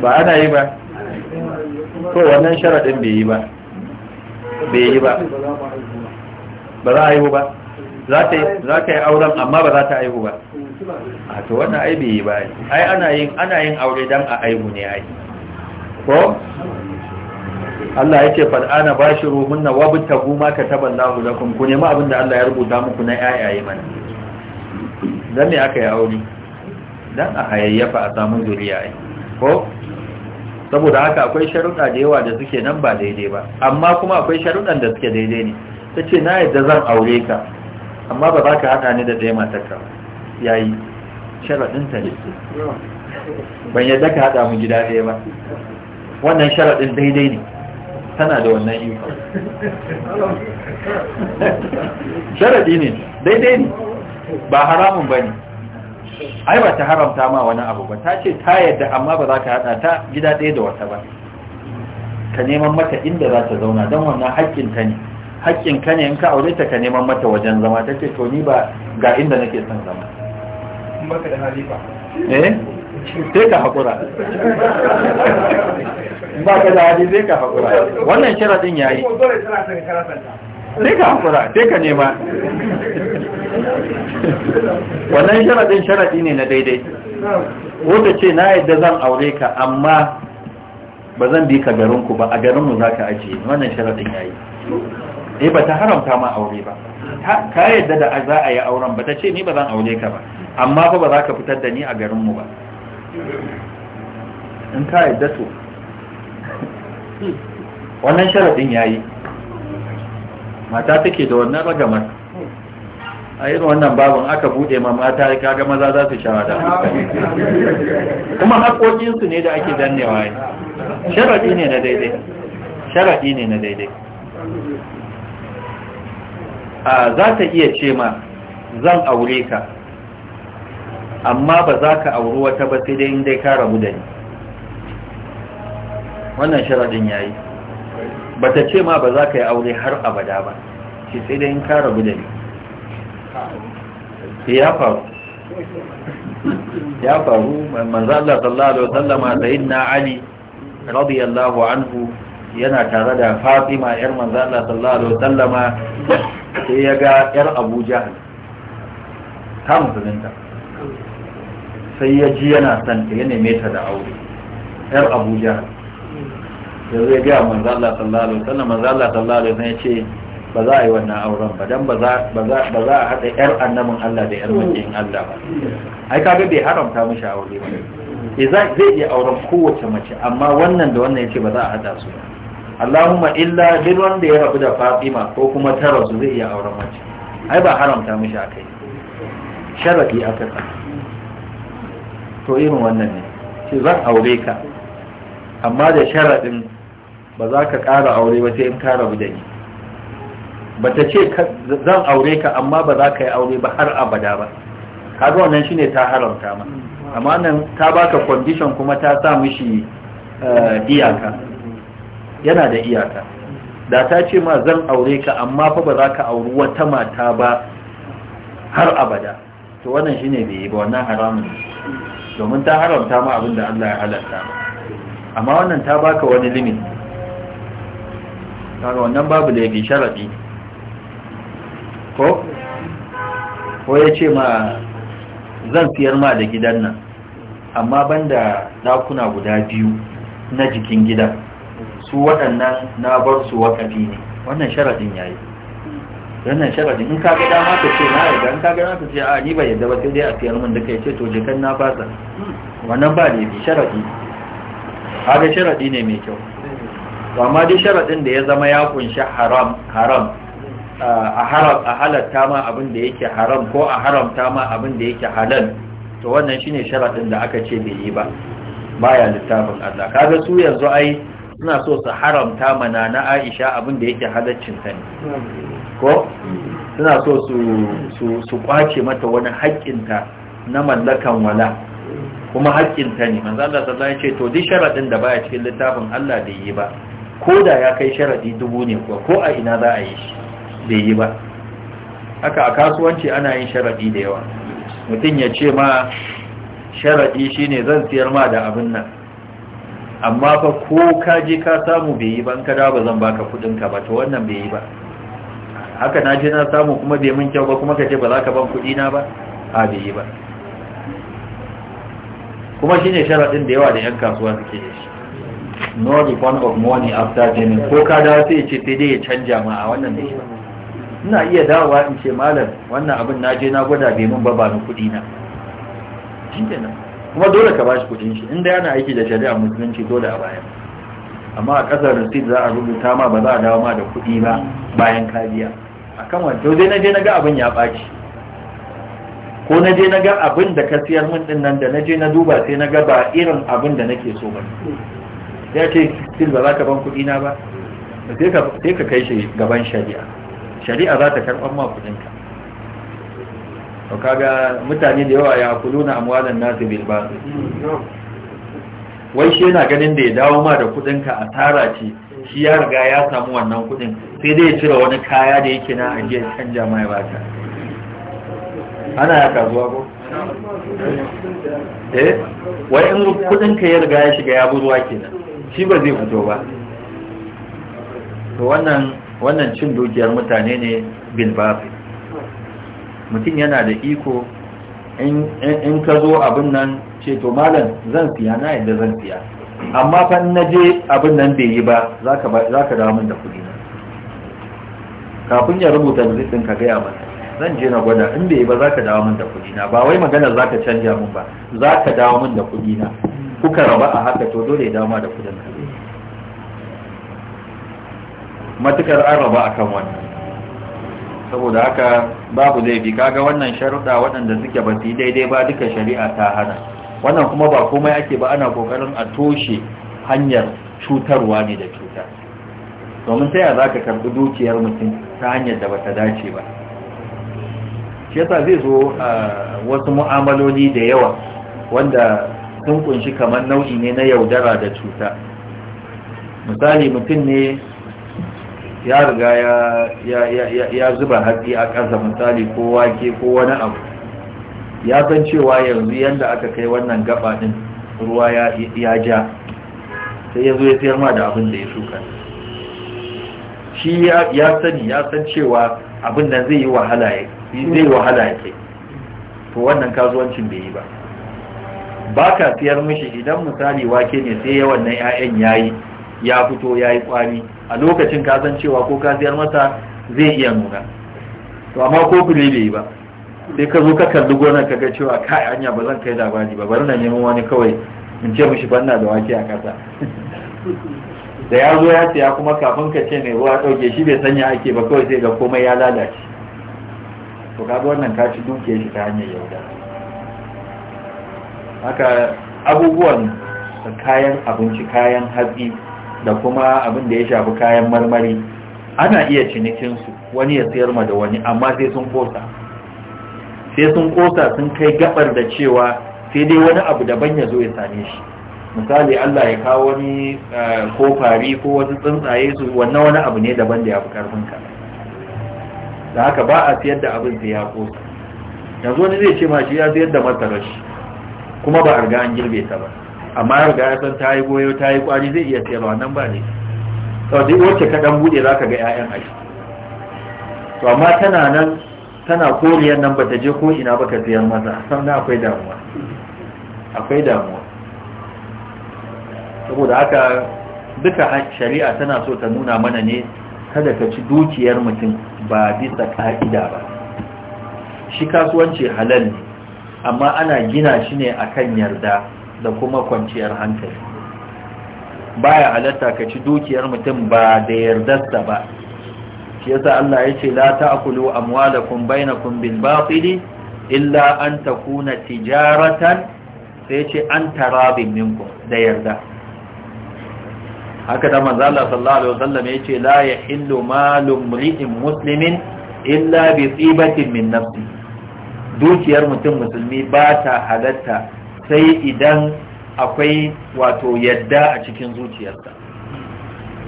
ba ana yi ba ko wannan sharaɗin bai yi ba bai yi ba ba za a yi ba za ta yi auren amma ba za ta aihu ba a to wannan aibi yi ba ai ana yin ana yin aure dan a aihu ne ai ko Allah yake fad'ana bashiru munna tagu ma kataballahu lakum ku nemi abin da Allah ya rubuta muku na ayaye mana dan me aka yi aure dan a hayayyafa a samu zuriya ai ko saboda haka akwai sharuɗa da yawa da suke nan ba daidai ba amma kuma akwai sharuɗan da suke daidai ne ta ce na yadda zan aure ka amma ba za ka haɗa ni da ɗaya matarka ya yi Sharaɗin ta ne ban yadda ka haɗa mu gida ɗaya ba wannan sharaɗin daidai ne tana da wannan iko sharaɗi ne daidai ne ba haramun ba ne ai ba ta haramta ma wani abu ba ta ce ta yadda amma ba za ka haɗa ta gida ɗaya da wata ba ka neman mata inda za ta zauna don wannan haƙƙin ta ne haƙƙin ka ne in ka aure ta ka neman mata wajen zama ta ce to ni ba ga inda nake son zama ba eh? sai ka haƙura ba ka da hali sai ka haƙura wannan sharaɗin ya yi sai ka haƙura sai ka nema wannan sharaɗin sharaɗi ne na daidai wata ce na yadda zan aure ka amma ba zan bi ka garinku ba a garinmu za ka ajiye wannan sharaɗin ya yi eh ba ta haramta ma aure ba ka yadda da za a yi auren ba ta ce ni ba zan aure ka ba amma fa ba za ka fitar da ni a garinmu ba in ka yadda to wannan sharaɗin ya yi mata take da wannan ragamar a yin wannan babin aka bude ma mata kaga maza za su shawada kuma haƙoƙinsu ne da ake dannewa ne sharaɗi ne na daidai sharaɗi ne na daidai za ta iya ce ma zan aure ka amma ba za ka auri wata ba sai dai inda ka rabu da ni wannan sharaɗin ya yi ba ta ce ma ba za ka yi aure har abada ba shi sai dai in ka rabu da ni ya faru ya faru manzan Allah sallallahu Alaihi wasallama da yin na Ali radiyallahu anhu yana tare da fatima yar manzo Allah sallallahu alaihi wasallam sai ya ga yar Abu Jahl ta musulunta sai ya ji yana son ta ya neme ta da aure yar Abu Jahl yanzu ya ga manzo Allah sallallahu alaihi wasallam manzo Allah sallallahu alaihi wasallam ya ce ba za a yi wannan auren ba dan ba za a haɗa ‘yar annabin Allah da ‘yar wajen Allah ba ai kaga bai haramta mishi aure ba eh, zai iya auren kowace mace amma wannan da wannan ya ce ba za a haɗa su ba Allahumma illa duk wanda ya rabu da Fatima ko kuma ta rasu zai iya auren mace ai ba haramta mishi akai sharadi aka sa to irin wannan ne ce zan aure ka amma da sharadin ba za ka ƙara aure ba sai in ka rabu da ni ba ta ce zan aure ka amma ba za ka yi aure ba har abada ba kaga wannan shine ta haramta ma amma nan ta baka condition kuma ta sa mishi eh, iyaka yana da iyaka da ta ce ma zan aure ka amma fa ba za ka auri wata mata ba har abada to wannan shine bai yi ba wannan haramun domin ta haramta ma abinda Allah ya halatta amma wannan ta baka wani limit kaga wannan babu laifi sharadi ko ko ya ce ma zan siyar ma da gidan nan amma banda dakuna guda biyu na jikin gidan su waɗannan na bar su waƙafi ne wannan sharadin yi. wannan sharadin in kaga dama ka ce na yadda in kaga dama ka ce a ni ba yadda ba sai dai a siyar min duka ya ce to jikan na fasa wannan ba ne bi sharadi kaga sharadi ne mai kyau to amma dai sharadin da ya zama ya kunshi haram haram a haram a halatta ma abin da yake haram ko a haramta ma abin da yake halal to wannan shine sharadin da aka ce bai yi ba baya littafin Allah kaga su yanzu ai suna so su haramta mana na aisha abin da yake halaccin ta ne ko suna so su kwace mata wani haƙƙinta na mallakan wala kuma haƙƙinta ne manzo Allah sallallahu alaihi wasallam to duk sharadin da baya cikin littafin Allah bai yi ba ko da ya kai sharadi dubu ne ko ko a ina za a yi shi da yi ba haka a kasuwanci ana yin sharadi da yawa mutum ya ce ma sharadi shine zan siyar ma da abin nan amma fa ko ka je ka samu bai yi ba in ka dawo ba zan baka kudin ka ba to wannan bai yi ba haka na je na samu kuma bai min kyau ba kuma ka ce ba za ka ban kudi na ba a bai yi ba kuma shine sharadin da yawa da yan kasuwa suke da shi no refund of money after payment ko ka dawo sai ya ce sai dai ya canja ma a wannan da shi. ina iya dawowa in ce malam wannan abin na je na gwada bai min ba ba ni kudi na shi kenan kuma dole ka bashi kudin shi inda yana aiki da shari'a musulunci dole a bayan amma a ƙasar rasid za a rubuta ma ba za a dawo ma da kudi ba bayan kariya kan wancan dai na je na ga abin ya ɓaci ko na je na ga abin da ka siyar min din nan da na je na duba sai na ga ba irin abin da nake so ba ya ce sil ba za ka ban kudi na ba sai ka kai shi gaban shari'a shari'a za ta karɓar ma kudinka to kaga mutane da yawa ya kuluna amwalan nasu bil batil wai shi yana ganin da ya dawo ma da ka a tara ce shi ya riga ya samu wannan kudin sai dai ya cire wani kaya da yake na ajiyar canja mai ta ana ya zuwa ko eh wai in ka ya riga ya shiga ya buruwa kenan shi ba zai fito ba to wannan wannan cin dukiyar mutane ne bil batil mutum yana da iko in ka zo abin nan ce to malam zan siya na yadda zan siya amma fa na je abin nan bai yi ba za ka dawo min da kuɗi na kafin ya rubuta ɗin ka gaya masa zan je na gwada in bai yi ba za ka dawo min da kuɗi na ba wai magana za ka canja min ba za ka dawo min da kuɗi na kuka raba a haka to dole ya dawo da kudin ka matukar an raba akan wannan saboda haka babu laifi kaga wannan sharuɗa waɗanda suke ba su daidai ba duka shari'a ta hana wannan kuma ba komai ake ba ana kokarin a toshe hanyar cutarwa ne da cuta domin ta yaya za ka karɓi dukiyar mutum ta hanyar da ba ta dace ba shi yasa zai zo a wasu mu'amaloli da yawa wanda sun kunshi kamar nau'i ne na yaudara da cuta misali mutum ne ya riga ya zuba hatsi a ƙasa misali ko wake ko wani abu ya san cewa yanzu yadda aka kai wannan gaba din ruwa ya ja sai ya zo ya sayar ma da abin da ya shuka shi ya sani ya san cewa abin nan zai yi wahala ya zai wahala ya kai to wannan kasuwancin bai yi ba ba ka siyar mishi idan misali wake ne sai yawan na 'ya'yan yayi ya fito ya yi kwari a lokacin ka san cewa ko ka masa zai iya nuna to amma ko fili bai ba sai ka zo ka kalli gonar ka ga cewa kai anya ba zan kai labari ba bari na neman wani kawai in ce mishi banna da wake a kasa (laughs) da ya zo ya siya kuma kafin ka ce mai ruwa dauke shi bai sanya ake ba kawai sai ga komai ya lalace to ga wannan ka ci shi ta hanyar yauda haka abubuwan kayan abinci kayan hatsi da kuma abin da ya shafi kayan marmari ana iya cinikinsu wani ya sayar ma da wani amma sai sun kosa sai sun kosa sun kai gabar da cewa sai dai wani abu daban ya zo ya same shi misali Allah ya kawo wani eh, ko fari ko wasu tsuntsaye su wannan wani abu ne daban da ya fi karfin ka da haka ba a sayar da abin sai ya kosa yanzu wani zai ce ma shi ya sayar da masarar shi kuma ba a riga an girbe ta ba amma ya riga ya san ta yi goyo ta yi kwari zai iya sayarwa nan ba ne to duk wacce ka dan bude zaka ga ƴaƴan ai to amma tana nan tana koriyar nan bata je ko ina baka sayar maza san na akwai damuwa akwai damuwa saboda haka duka shari'a tana so ta nuna mana ne kada ka ci dukiyar mutum ba bisa ka'ida ba shi kasuwanci halal ne amma ana gina shi ne akan yarda da kuma kwanciyar hankali baya halatta ka ci dukiyar mutum ba da yardarsa ba shi yasa Allah ya ce la ta'kulu amwalakum bainakum bil batili illa an takuna tijaratan sai ce an tarabin minkum da yarda haka da manzo Allah sallallahu alaihi wasallam ya ce la yahillu malum mri'in muslimin illa bi tibatin min nafsi dukiyar mutum musulmi ba ta halatta sai idan akwai wato yadda a cikin zuciyarsa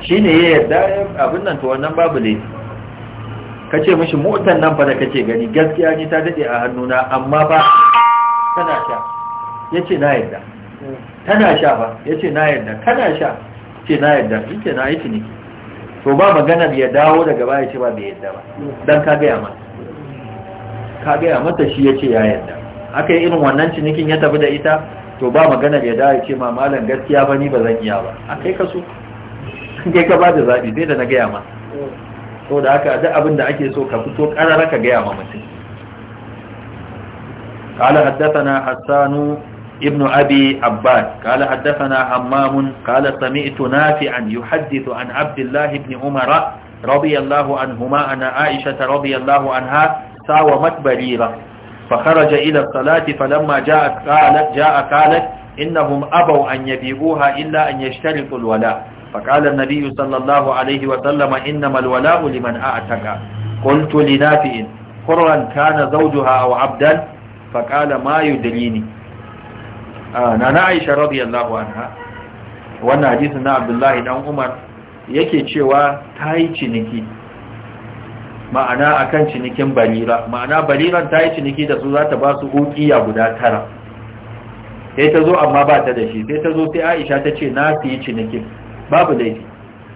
shi ne ya yadda abin nan to wannan babu ne ka ce mashi motan nan fa da ce gani gaskiya ni ta daɗe a hannuna amma ba tana sha ya ce na yadda tana sha ba ya ce na yadda kana sha ce na yadda shi na yi ciniki to ba maganar ya dawo daga baya ce ba bai yadda ba don ka ya mata ka ya mata shi ya ce ya yadda aka irin wannan cinikin ya tafi da ita to ba maganar ya dawo ce mamalan gaskiya ba ni ba zan iya ba a kai kasu kai ka da zaɓi zai da na gaya ma so da aka da abin da ake so ka fito ƙarara ka gaya ma mutum kala haddasa hassanu ibnu abi abbas kala haddasa na hammamun kala Samitu ito nafi an yi haddito an abdullahi ibn umara رضي الله عنهما أن عائشة رضي الله عنها ساوى متبريرة فخرج إلى الصلاة فلما جاء قالت جاء قالت إنهم أبوا أن يبيعوها إلا أن يشترطوا الولاء فقال النبي صلى الله عليه وسلم إنما الولاء لمن أعتق قلت لنافئ حرا كان زوجها أو عبدا فقال ما يدليني نانا عائشة رضي الله عنها وانا حديثنا عبد الله بن عمر yake cewa ta yi ciniki ma'ana akan cinikin barira ma'ana bariran ta yi ciniki da su za ta ba su ukiya guda tara sai ta zo amma ba ta da shi sai ta zo sai aisha ta ce na fi cinikin babu laifi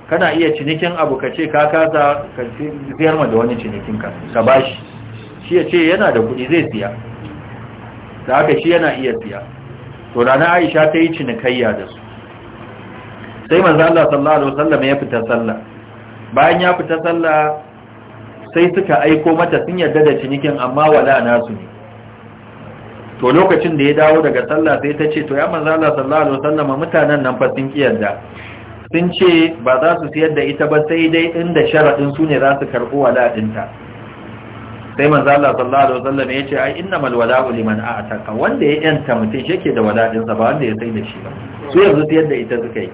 kana iya cinikin abu ka ce ka kasa ka siyar ma da wani cinikin ka ka ba shi shi ya ce yana da kuɗi zai siya da haka shi yana iya siya to rana aisha ta yi cinikayya da su sai manzo Allah sallallahu alaihi wasallam ya fita sallah bayan ya fita sallah sai suka aiko mata sun yarda da cinikin amma wala nasu ne to lokacin da ya dawo daga sallah sai ta ce to ya manzo Allah sallallahu alaihi wasallam mutanen nan fa sun kiyarda sun ce ba za su siyar da ita ba sai dai inda sharadin su ne za su karbo wala dinta sai manzo Allah sallallahu alaihi wasallam ya ce ai innamal wala'u liman a'taka wanda ya yanta mutum shi yake da wala sa ba wanda ya sai da shi ba su yanzu siyar da ita suka yi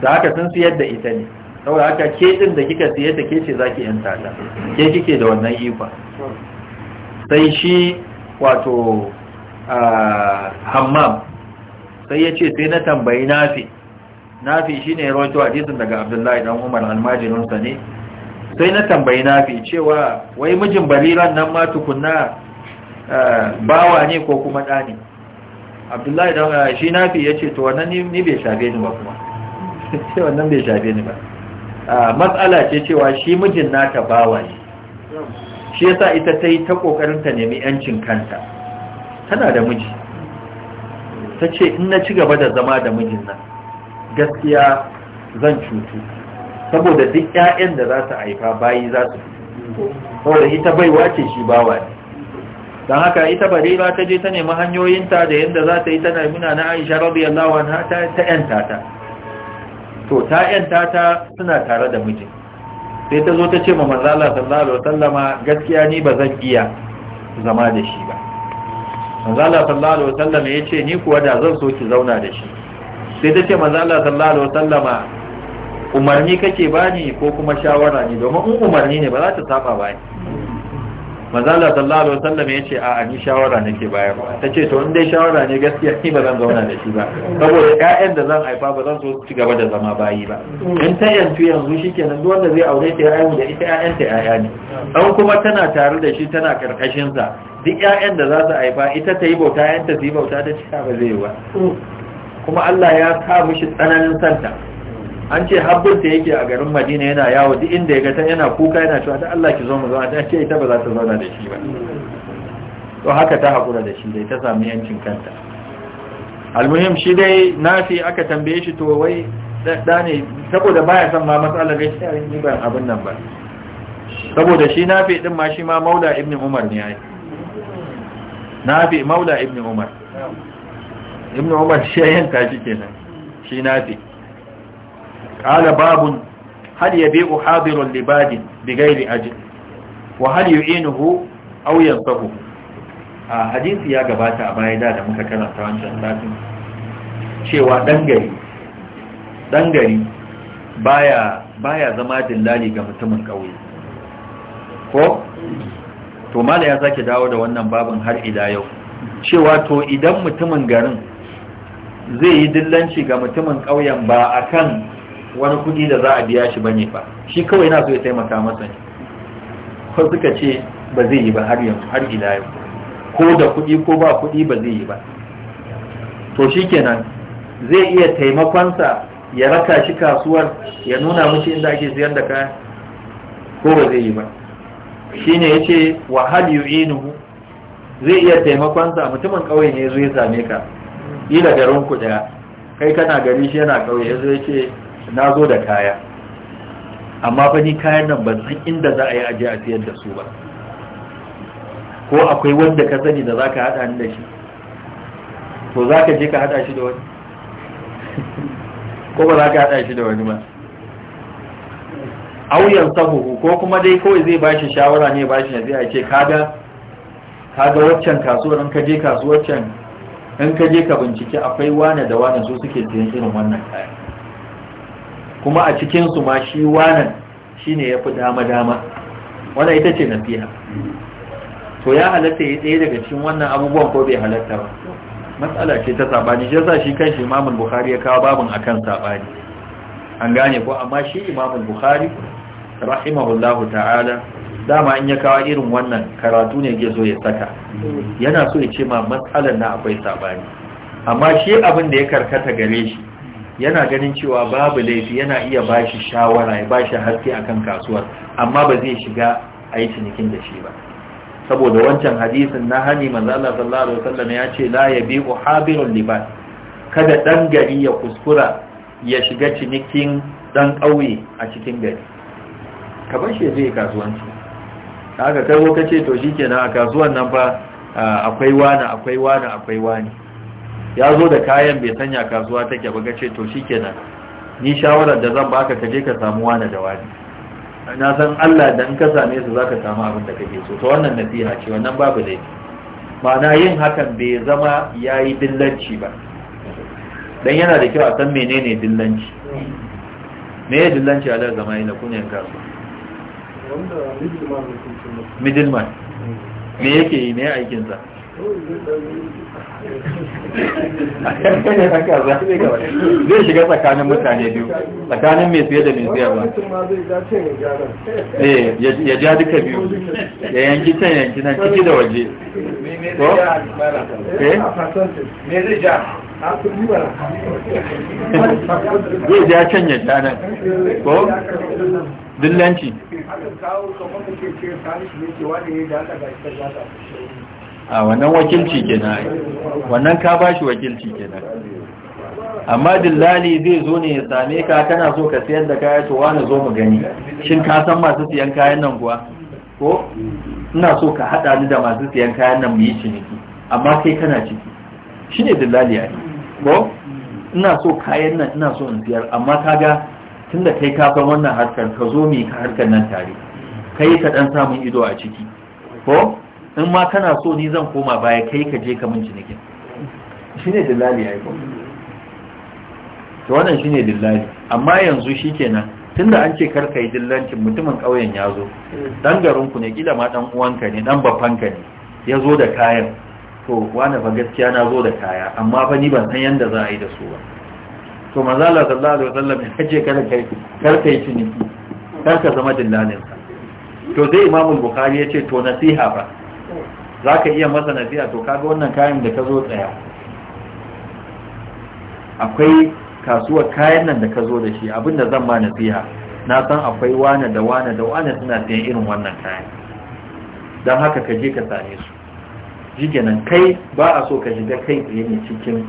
da haka sun siyar da ita ne saboda haka ke din da kika siye ta ke ce za ki yanta ta ke kike da wannan ikon sai shi wato hammam sai ya ce sai na tambayi nafi nafi shi ne a jisun daga abdullahi dan umar almajirinsa ne sai na tambayi nafi cewa wai mijin bariran nan ma tukunna bawa ne ko kuma ɗa ne abdullahi dan shi nafi ya ce to wannan ni bai shafe ni ba kuma ce (laughs) wannan bai shafe ni ba matsala ce cewa shi mijin nata bawa ne shi yasa ita ta yi ta kokarin ta nemi yancin kanta tana da miji ta ce in na ci gaba da zama da mijin nan gaskiya zan cutu saboda duk 'ya'yan da za su haifa bayi za su saboda ita baiwa ce shi bawa ne don haka ita bari ba ta je ta nemi hanyoyinta da yadda za ta yi tana muna na aisha radiyallahu anha ta yanta ta to ta yanta ta suna tare da miji, sai ta zo ta ce ma manzala sallallahu alaihi wasallama gaskiya ni ba zan iya zama da shi ba manzala sallallahu alaihi wasallama ya ce ni kuwa da zan so ki zauna da shi sai ta ce manzala sallallahu alaihi wasallama umarni kake bani ko kuma shawara ne domin in umarni ne ba za ta saba bani mazala sallallahu alaihi wasallam ya ce a ni shawara nake bayarwa tace ce to in dai shawara ne gaskiya ni ba zan zauna da shi ba saboda ƴaƴan da zan haifa ba zan so su ci gaba da zama bayi ba in ta yanzu yanzu shikenan duk wanda zai aure ta 'ya'yan da ita ƴaƴan ta ƴaƴa ne dan kuma tana tare da shi tana karkashin sa duk ƴaƴan da za su haifa ita ta yi bauta ƴaƴan ta su yi bauta ta ci ba zai yi ba kuma Allah ya sa mishi tsananin santa an ce habbinta yake a garin madina yana yawo duk inda ya gata yana kuka yana cewa ta Allah ki zo mu zauna ta ce ita ba za ta zauna da shi ba to haka ta haƙura da shi dai ta sami yancin kanta almuhim shi dai nafi aka tambaye shi to wai da ne saboda baya son ma matsalar gashi a yin ban abin nan ba saboda shi nafi din ma shi ma maula ibn umar ne ya Na nafi maula ibn umar ibn umar shi yanka shi kenan shi nafi قال باب هل يبيع حاضر لباد بغير أجل وهل يعينه أو ينصفه حديث يا ya gabata a baya da muka karanta wancan satin cewa dangari dangari baya baya zama dillali ga mutumin kauye ko to mala ya zaki dawo da wannan babin har ila yau cewa to idan mutumin garin zai yi dillanci ga mutumin kauyen ba akan wani kudi da za a biya shi bane fa shi kawai na so ya taimaka masa ne ko suka ce ba zai yi ba har yanzu har ila yau ko da kudi ko ba kudi ba zai yi ba to shi kenan zai iya taimakonsa ya raka shi kasuwar ya nuna mishi inda ake siyar da kaya ko ba zai yi ba Shi ne ya ce, wa hal yu'inuhu zai iya taimakonsa mutumin kawai ne ya zo ya same ka yi da garin ku daya kai kana gari shi yana kauye ya zo ya ce na zo da kaya amma fa ni kayan nan ban san inda za a yi aje a siyar da su ba ko akwai wanda ka sani da zaka hada ni da shi to zaka je ka hada shi da wani ko ba ka hada shi da wani ba auyan sahuhu ko kuma dai kawai zai bashi shawara ne bashi na zai ce kaga kaga waccan kasuwar in ka je kasuwar can in ka je ka bincike akwai wane da wane su suke siyan irin wannan kayan kuma a cikinsu ma shi wanan shi ne ya dama-dama wannan ita ce nasiha to ya halatta ya tsaye daga cikin wannan abubuwan ko bai halatta ba matsala ce ta sabani shi yasa shi kanshi imamul bukhari ya kawo babin akan sabani an gane ko amma shi imamul bukhari rahimahullahu ta'ala dama in ya kawo irin wannan karatu ne ke so ya saka yana so ya ce ma matsalar na akwai sabani amma shi abin da ya karkata gare shi yana ganin cewa babu laifi yana iya bashi shawara ya bashi haske a kan kasuwar amma ba zai shiga a yi cinikin da shi ba saboda wancan hadisin na hani maza Allah sallallahu alaihi wasallam ya ce la bi habirul liban kada dan gari ya kuskura ya shiga cinikin dan kauye a cikin gari ka bar shi ya je kasuwanci haka kai ko kace to shikenan a kasuwan nan fa akwai wani akwai wani akwai wani ya zo da kayan bai sanya kasuwa ta take ba ce to shikenan ni shawarar da zan baka ka je ka samu wani da wani na san Allah da in ka same su zaka samu abin da kake so to wannan nasiha ce wannan babu dai ma'ana yin hakan bai zama yayi dillanci ba dan yana da kyau a san menene dillanci me ya dillanci a da zama yana kunyan kasuwa middleman me yake yi me aikinsa zai shiga tsakanin mutane biyu tsakanin mai siya da mai siya ba eh, ya ja duka biyu ya yanki can yanki nan ciki da waje ko? Eh? zai ja can ya ja nan ko? dillanci a wannan wakilci ke kenan wannan ka bashi wakilci ke kenan amma dillali zai zo ne ya same ka kana so ka sayar da kaya to wani zo mu gani shin ka san masu siyan kayan nan kuwa ko ina so ka hada ni da masu siyan kayan nan mu yi ciniki amma kai kana ciki ne dillali ai ko ina so kayan nan ina so in siyar amma kaga da kai ka san wannan harkar ka zo mu yi harkar nan tare kai ka dan samun ido a ciki ko in ma kana so ni zan koma baya kai ka je ka min cinikin shine dillali ya yi to wannan shine dillali amma yanzu shikenan tunda an ce karka yi dillancin mutumin ƙauyen ya zo Ɗan garinku ne kila ma dan uwanka ne dan babbanka ne ya zo da kayan to wani fa gaskiya na zo da kaya amma fa ni ban san yanda za a yi da su ba to manzala sallallahu alaihi wasallam ya ce kada kai karka yi ciniki karka zama dillalin to dai imamul bukhari ya ce to nasiha fa za ka iya masa nafiya to kaga wannan kayan da ka zo tsaya akwai kasuwar kayan nan da ka zo da shi abinda zan ma nafiya na san akwai wane da wane da wane suna siyan irin wannan kayan don haka ka je ka same su Jigenan kai ba a so ka shiga kai tsaye ne cikin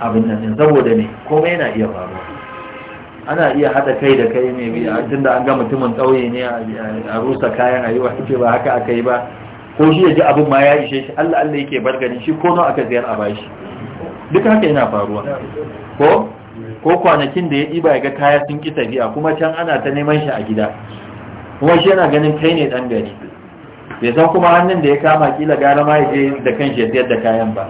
abin nan saboda ne komai yana iya faruwa ana iya hada kai da kai ne tun da an ga mutumin ƙauye ne a rusa kayan a yi wa ba haka aka yi ba ko shi ya ji abin ma ya ishe shi Allah Allah yake bar gani shi ko nawa aka ziyar a bashi duk haka yana faruwa ko ko kwanakin da ya ɗiba ya ga kaya sun ki tafiya kuma can ana ta neman shi a gida kuma shi yana ganin kai ne dan gari bai san kuma hannun da ya kama kila gara ma ya je da kan shi ya da kayan ba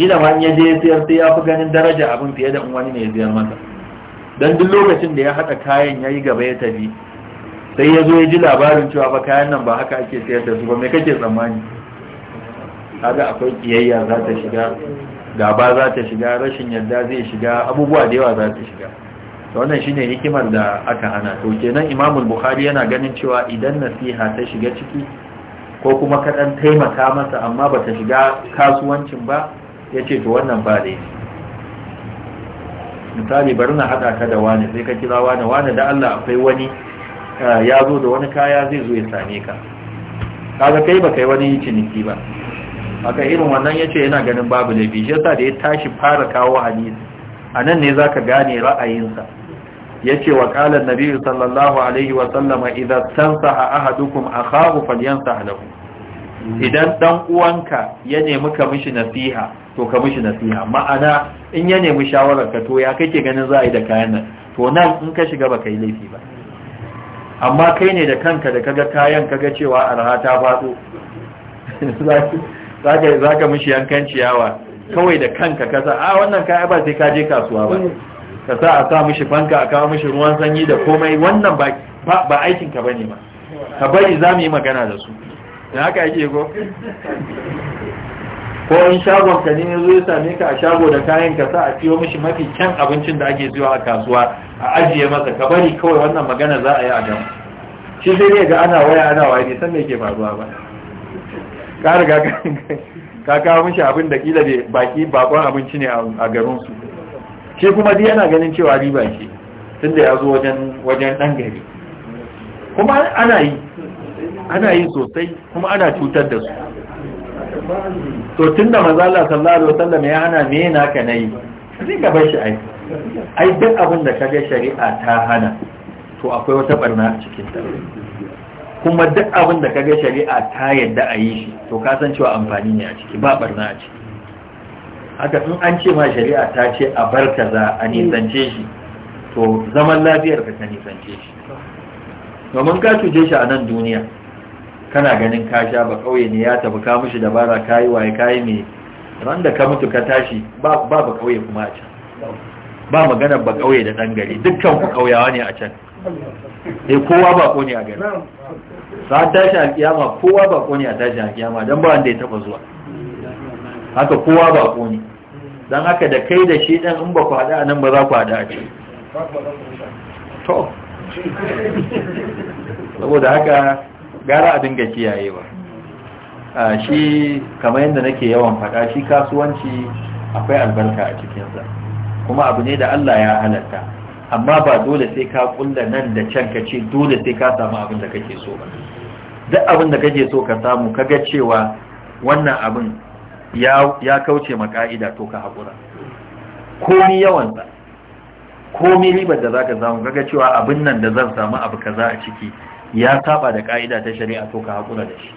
kila ma ya je ya sai ya fi ganin daraja abin fiye da wani ne ya ziyar masa dan duk lokacin da ya haɗa kayan ya yi gaba ya tafi sai ya zo ya ji labarin cewa ba kayan nan ba haka ake sayar da su ba mai kake tsammani kaga akwai kiyayya za ta shiga gaba za ta shiga rashin yadda zai shiga abubuwa da yawa za ta shiga wannan shine hikimar da aka hana to kenan imamul Bukhari yana ganin cewa idan nasiha ta shiga ciki ko kuma kaɗan taimaka masa amma ba ta shiga kasuwancin ba ya ce to wannan ba dai misali bari na haɗa ka da wani sai ka kira wani wani da Allah akwai wani Eh, ya zo da wani kaya zai zo ya same ka kaga kai ba kai wani ciniki ba haka irin wannan yace yana ganin babu laifi shi yasa da ya tashi fara kawo hadisi anan ne zaka gane ra'ayinsa yace wa qala an-nabi sallallahu alaihi wa sallama idza tansaha ahadukum akhahu falyansah lahu idan dan uwanka ya nemi ka mishi nasiha to ka mishi nasiha ma'ana in ya nemi shawarar ka to ya kake ganin za yi da kayan nan to nan in ka shiga ba kai laifi ba amma kai ne da kanka da kaga kayan kaga cewa arha ta faɗo (laughs) za ka mishi yankan ciyawa kawai da kanka kasa a wannan kaya ba sai ka je kasuwa ba ka sa a sa mishi fanka a kawo mishi ruwan sanyi da komai wannan ba aikinka ba ne ma ka bari za mu yi magana da su da haka ake ko ko in shagon ka ne zo ya same ka a shago da kayan ka sa a siyo mishi mafi kyan abincin da ake zuwa a kasuwa a ajiye masa ka bari kawai wannan magana za a yi a shi sai ne ga ana waya ana waya ne san me yake faruwa ba ka riga ka kawo mishi abin da kila da baki bakon abinci ne a garin su shi kuma dai yana ganin cewa riba ce tunda ya zo wajen wajen dan gari kuma ana yi ana yi sosai kuma ana cutar da su to tun da Allah sallallahu alaihi wasallam ya hana me ka nayi sai ka bar shi ai ai duk abin da kaga shari'a ta hana to akwai wata barna a cikin ta kuma duk abin da kaga shari'a ta yadda a yi shi to ka san cewa amfani ne a ciki ba barna a ciki haka tun an ce ma shari'a ta ce a bar kaza a nisance shi to zaman lafiyar ka ka nisance shi domin ka tuje shi a nan duniya kana ganin ka sha ba kauye ne ya tafi ka mishi dabara kayi waye kayi me ran da ka mutu ka tashi ba ba kauye kuma a can ba magana ba kauye da dan gari dukkan ku kauyawa ne a can eh kowa ba ko ne a gari sa tashi kiyama kowa ba ko ne a tashi kiyama dan ba wanda ya taba zuwa haka kowa ba ko ne dan haka da kai da shi dan in ba ku hada nan ba za ku hada a can to (laughs) saboda haka gara a dinga kiyayewa shi kamar yadda nake yawan faɗa shi kasuwanci akwai albarka a cikinsa kuma abu ne da Allah ya halatta amma ba dole sai ka kulla nan da can ka ce dole sai ka samu abin da kake so ba duk abin da kake so ka samu ka ga cewa wannan abin ya kauce ma ka'ida to ka haƙura komi yawansa komi ribar da za ka samu kaga cewa abin nan da zan samu abu kaza a ciki ya saba da ka'ida ta shari'a to ka haƙura da shi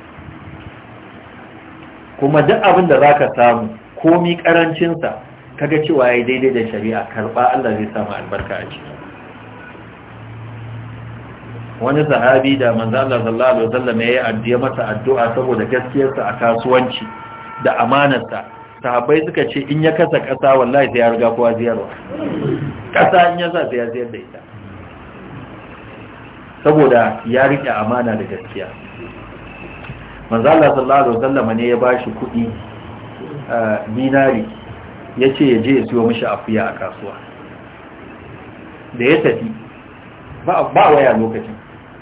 kuma duk abin da za ka samu komi ƙarancinsa ga cewa ya yi daidai da shari'a karɓa Allah zai samu albarka a ciki wani sahabi da manzo Allah sallallahu alaihi wasallam ya yi addu'a masa addu'a saboda gaskiyarsa a kasuwanci da amanarsa sahabbai suka ce in ya kasa ƙasa wallahi sai ya kowa ziyarwa ƙasa in ya sa sai ziyar da ita saboda ya rike amana da gaskiya manzo Allah sallallahu alaihi wasallam ne ya bashi kuɗi dinari yace ya je ya siyo mishi afiya a kasuwa da ya tafi ba ba waya lokacin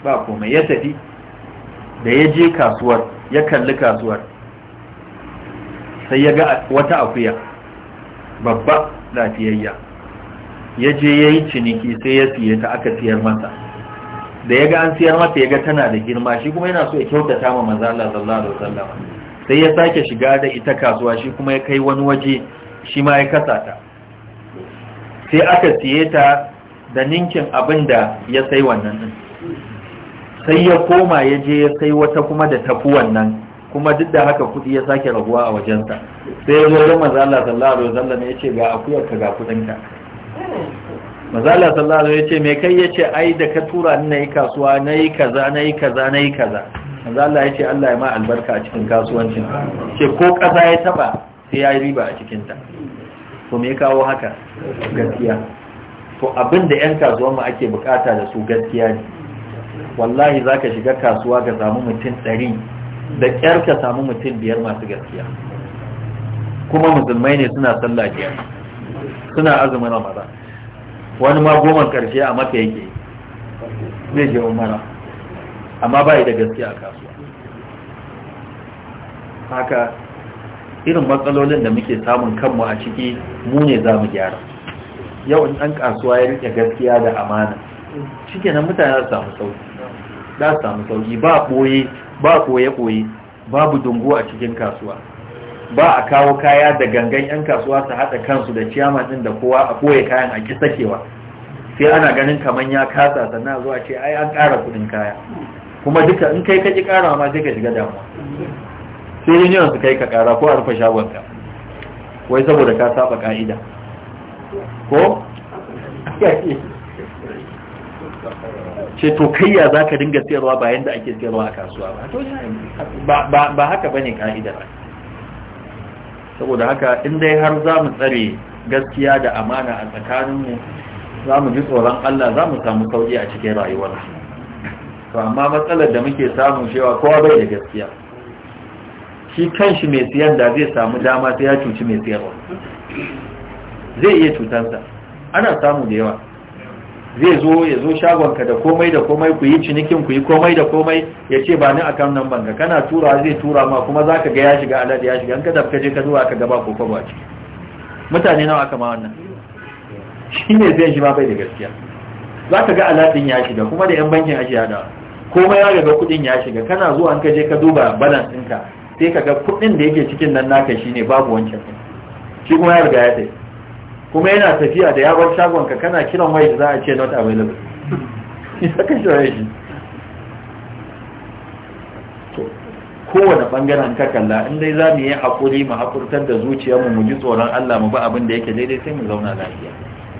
ba komai ya tafi da ya je kasuwar ya kalli kasuwar sai ya ga wata afiya babba lafiyayya ya je ya yi ciniki sai ya siye ta aka siyar masa da ya ga an siyar mata ya ga tana da girma shi kuma yana so ya kyautata ma maza Allah sallallahu alaihi wasallam sai ya sake shiga da ita kasuwa shi kuma ya kai wani waje shi ma ya kasa ta sai aka siye ta da ninkin abin da ya sai wannan din sai ya koma ya je ya sai wata kuma da tafi wannan kuma duk da haka kuɗi ya sake raguwa a wajensa sai ya zo ga manzo Allah sallallahu alaihi wasallam ya ce ga akuyar ka ga kuɗinka mazala sallallahu ya yace me kai yace ai da ka tura ni na nayi kasuwa yi kaza na yi kaza na yi kaza mazala yace Allah ya ma albarka a cikin kasuwancin ce ko kaza ya taba sai yi riba a cikin to me kawo haka gaskiya to abinda yan kasuwa mu ake bukata da su gaskiya ne wallahi zaka shiga kasuwa ka samu mutum ɗari da ƙyar ka samu mutum biyar masu gaskiya kuma musulmai ne suna sallah biyar suna azumin ramadan wani ma goma karshe a mata yake zai je umara amma ba da gaskiya a kasuwa haka irin matsalolin da muke samun kanmu a ciki mu ne za mu gyara yau in ɗan kasuwa ya rike gaskiya da amana cike nan mutane za samu sauki ba ɓoye ba ɓoye koye babu dungu a cikin kasuwa ba a kawo kaya da gangan 'yan kasuwa su haɗa kansu da ciyaman ɗin da kowa a koya kayan a ƙi sakewa sai ana ganin kaman ya kasa sannan zuwa ce ai an ƙara kuɗin kaya kuma duka in kai kaji ƙara ma sai ka shiga damuwa sai union su kai ka ƙara ko a rufe shagonka wai saboda ka saba ƙa'ida ko ce to kayya za ka dinga siyarwa bayan da ake siyarwa a kasuwa ba ba haka bane ba. saboda haka in dai har za mu tsare gaskiya da amana a tsakaninmu za mu ji tsoron Allah za mu samu sauƙi a cikin rayuwar to amma matsalar da muke samu cewa kowa bai da gaskiya shi kan shi mai siyan da zai samu dama sai ya cuci mai siyarwa zai iya cutarsa ana samu da yawa zai zo ya zo shagonka da komai da komai ku yi cinikin ku yi komai da komai ya ce ba ni a kan nan banga kana tura zai tura ma kuma za ka ga ya shiga alad ya shiga an ka dafka je ka zuwa ka gaba ko kwaba ciki mutane nawa aka ma wannan shi ne zai shi ma bai da gaskiya za ka ga aladin ya shiga kuma da yan bankin ake yada komai ya ga kudin ya shiga kana zuwa an ka je ka duba balance ɗinka sai ka ga kudin da yake cikin nan naka shine babu wancan shi kuma ya riga ya tafi kuma yana tafiya da yawon shagon ka kana kiran da za a ce not available (laughs) ya kashe waya shi kowane bangaren ka kalla in dai za mu yi haƙuri mu haƙurtar da zuciyarmu mu ji tsoron Allah mu ba abin da yake daidai sai mu zauna lafiya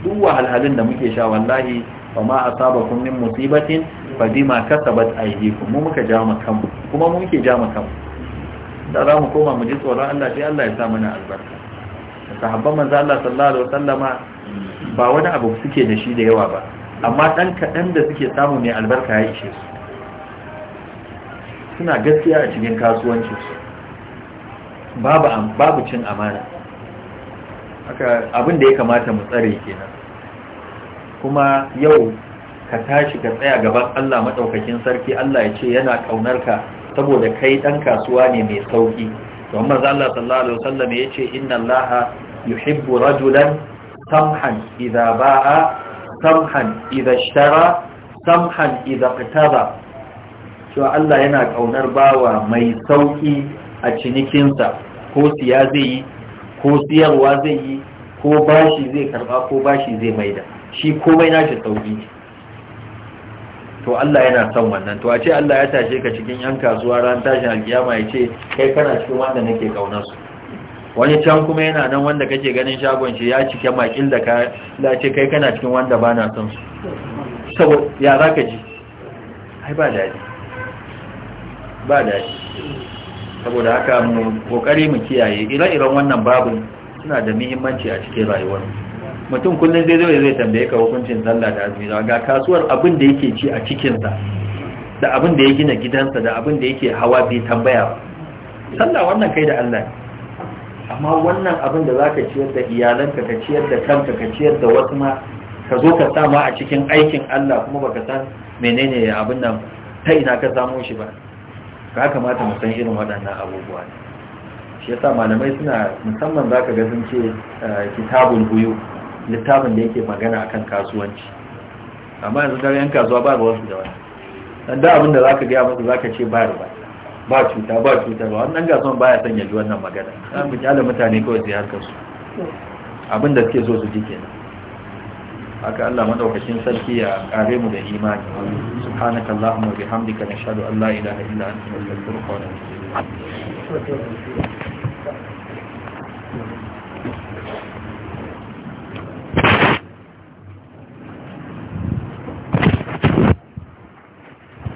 duk wahalhalun da muke sha wallahi wa ma asabakum min musibatin fa bima kasabat aydikum mu muka ja mu kanmu kuma mu muke ja mu kanmu da za mu koma mu ji tsoron Allah sai Allah ya sa mana albarka sahabban manzo Allah sallallahu alaihi wasallam ba wani abu suke da shi da yawa ba amma dan kadan da suke samu mai albarka ya ishe su suna gaskiya a cikin kasuwanci. babu babu cin amana haka abin da ya kamata mu tsare kenan kuma yau ka tashi ka tsaya gaban Allah madaukakin sarki Allah ya ce yana kaunar ka saboda kai dan kasuwa ne mai sauki don maza Allah sallallahu alaihi wasallam ya ce inna Allah yuhibbu rajulan samhan idza ba'a samhan idza ishtara samhan idza qataba cewa Allah yana kaunar bawa mai sauki a cinikinsa ko siya zai yi ko siyarwa zai yi ko bashi zai karba ko bashi zai maida shi komai nashi sauki to Allah yana son wannan to a ce Allah ya tashe ka cikin yan kasuwa ran tashin alkiyama ya ce kai kana cikin wanda nake kauna su wani can kuma yana nan wanda kake ganin shagon shi ya cike makil da ka la ce kai kana cikin wanda ba na son su Sabo ya zaka ji ai ba daɗi ba daɗi saboda haka mu kokari mu kiyaye ire-iren wannan babu suna da muhimmanci a cikin rayuwarmu mutum kullum zai zo zai tambaye ka hukuncin sallah da azumi ga kasuwar abin da yake ci a cikinsa da abin da ya gina gidansa da abin da yake hawa bi tambaya ba sallah wannan kai da Allah amma wannan abin da zaka ciyar da iyalanka ka ciyar da kanka ka ciyar da wasu ma ka zo ka sama a cikin aikin Allah kuma baka san menene abin nan ta ina ka samo shi ba ka kamata mu san irin waɗannan abubuwa ne shi yasa malamai suna musamman zaka ga sun ce eh, kitabul buyu littafin da yake magana akan kasuwanci amma yanzu kare yan kasuwa ba ga wasu da wani dan da abin da zaka ga musu zaka ce ba ruwa ba cuta ba cuta ba wannan kasuwan baya ya sanya ji wannan magana an bi kyale mutane kawai sai harkar su abin da suke so su ji kenan haka Allah madaukakin sarki ya kare mu da imani subhanakallahumma wa bihamdika nashhadu an la ilaha illa anta nastaghfiruka wa natubu ilaik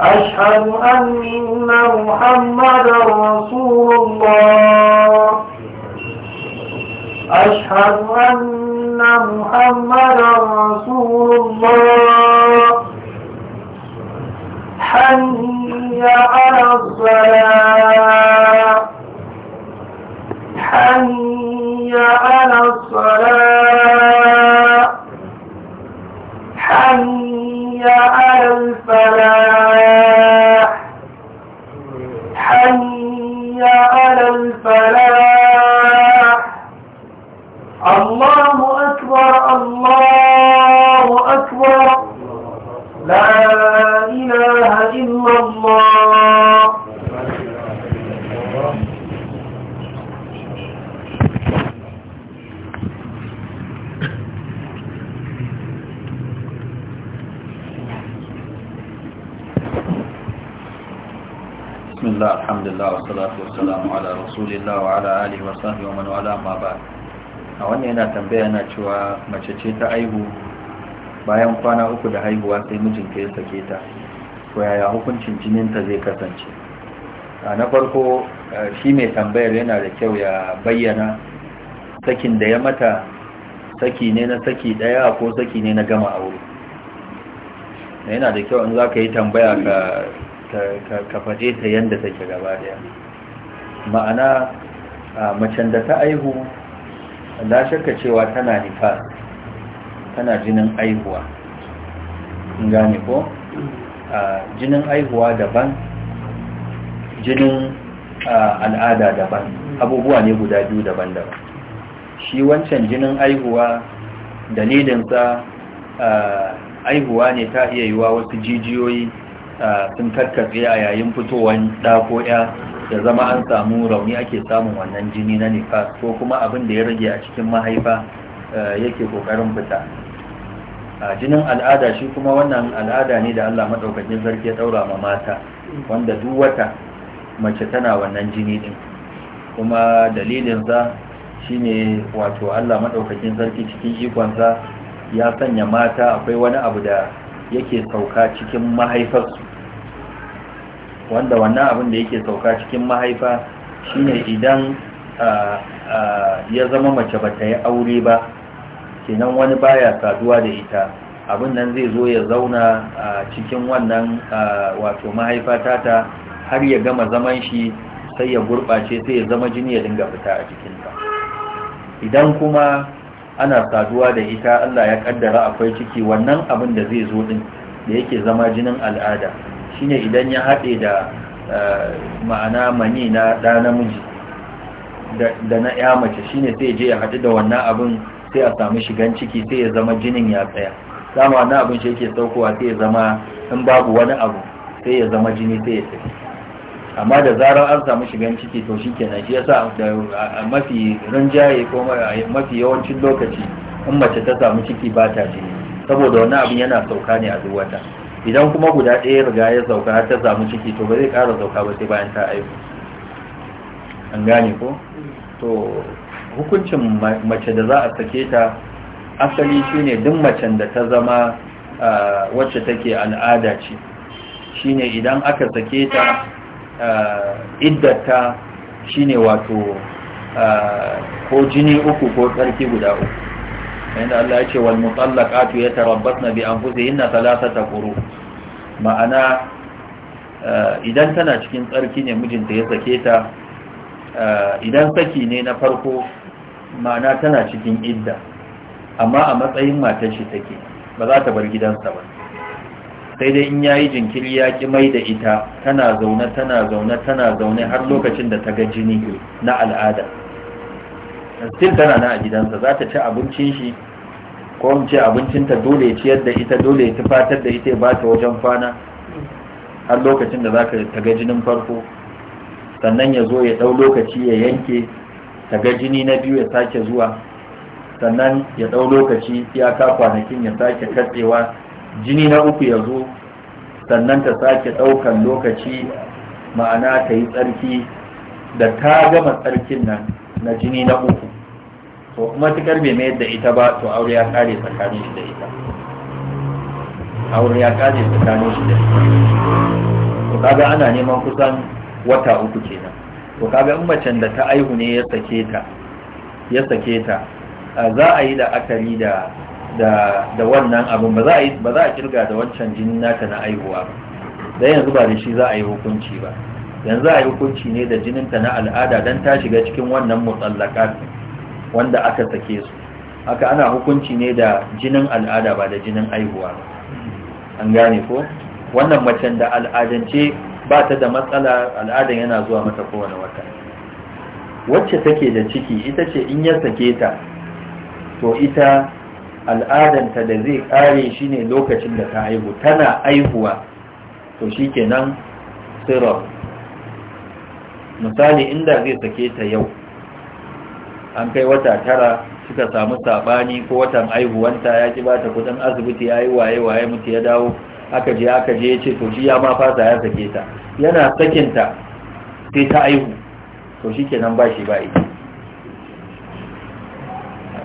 أشهد أن محمد رسول الله أشهد أن محمد رسول الله حي على الصلاة حي على الصلاة حي على الفلاح حي على الفلاح الله الحمد لله والصلاة والسلام على رسول الله وعلى آله وصحبه ومن والاه ما بعد a wannan yana tambaya yana cewa mace ce ta aihu bayan kwana uku da haihuwa sai mijinta ya sake ta ko yaya hukuncin ta zai kasance na farko eh, shi mai tambayar yana da kyau ya bayyana sakin da ya mata saki ne na saki daya ko saki ne na gama aure yana da kyau in za ka yi tambaya ka ka faje ta yadda take gaba daya ma'ana macen da ta aihu na shakka cewa tana nifa tana jinin aihuwa gane ko jinin aihuwa daban jinin al'ada daban abubuwa ne guda biyu daban-daban shi wancan jinin aihuwa dalilinsa aihuwa ne ta iya yiwa wasu jijiyoyi sun karkace a yayin fitowar ɗako ko ya da zama an samu rauni ake samun wannan jini na nifas ko kuma abin da ya rage a cikin mahaifa e, yake kokarin fita a jinin al'ada shi kuma wannan al'ada ne da Allah maɗaukakin zarki ya ɗaura ma mata wanda duk wata mace tana wannan jini ɗin, kuma dalilinsa shi shine wato Allah maɗaukakin sarki cikin ikonsa ya sanya mata akwai wani abu da yake sauka cikin mahaifarsu wanda wannan abin da yake sauka cikin mahaifa shine idan ya zama mace ba ta yi aure ba kenan wani baya saduwa da ita abin nan zai zo ya zauna a cikin wannan wato mahaifa tata har ya gama zaman shi sai ya gurɓace sai ya zama jini ya dinga fita a jikinta idan kuma ana saduwa da ita Allah ya kaddara akwai ciki wannan abin da zai zo din da yake zama jinin al'ada shine idan ya haɗe da eh, ma'ana mani na ɗa namiji da na ya mace shine sai je ya haɗu da wannan abin sai a samu shigan ciki sai ya zama jinin ya tsaya samu wannan abin shi yake saukowa sai ya zama in babu wani abu sai ya zama jini sai ya tafi amma da zarar an samu shigan ciki to shi kenan shi yasa da mafi rinjaye ko mafi yawancin lokaci in mace ta samu ciki ba ta jini saboda wannan abin yana sauka ne a duk wata idan kuma guda ɗaya riga ya sauka ta samu ciki to ba zai ƙara sauka ba sai bayan ta aiki an gane ko to hukuncin mace da za a sake ta asali shine duk macen da ta zama wacce take al'ada ce shine idan aka sake ta iddata shine wato ko jini uku ko tsarki guda uku inda Allah ya ce wal mutallaqatu yatarabbasna bi anfusihinna thalathata quru ma'ana eh, idan tana cikin tsarki ne mijinta ya sake ta eh, idan saki ne na farko ma'ana tana cikin idda amma a matsayin matar shi take ba za ta bar gidansa ba sai dai in yayi jinkiri ya ki mai da ita tana zaune tana zaune tana zaune har lokacin da ta ga jini na al'ada still tana na a gidansa za ta ci abincin shi ko mu ce abincinta dole ya ciyar da ita dole ya tufatar da ita ya ba wajen kwana har lokacin da za ka taga jinin farko sannan ya zo ya ɗau lokaci ya yanke taga jini na biyu ya sake zuwa sannan ya ɗau lokaci iyaka kwanakin ya sake katsewa jini na uku ya zo sannan ta sake ɗaukan lokaci ma'ana ta yi tsarki da ta gama tsarkin nan na jini na uku to matukar bai mayar da ita ba to aure ya kare tsakanin shi da ita aure ya kare tsakanin shi da ita to kaga ana neman kusan wata uku kenan to kaga in macen da ta aihu ne ya sake ta ya sake ta za a yi la'akari da da wannan abin ba za a kirga da wancan jinin nata na aihuwa ba dan yanzu ba da shi za a yi hukunci ba yanzu a yi hukunci ne da jinin ta na al'ada don ta shiga cikin wannan mutsallaka wanda aka sake su haka ana hukunci ne da jinin al'ada ba da jinin aihuwa an gane ko wannan macen da al'adance ba ta da matsala al'adan yana zuwa mata kowane wata wacce take da ciki ita ce in ya sake ta to ita al'adanta da zai kare shi ne lokacin da ta haihu tana aihuwa to shi kenan sirar misali inda zai sake ta yau an kai wata tara suka samu sabani ko watan aihuwanta ya ki bata kudin asibiti ya yi waye waye mutu ya dawo aka je aka je ya ce to shi ya ma fasa ya sake ta yana sakinta sai ta aihu to shi kenan ba shi ba ita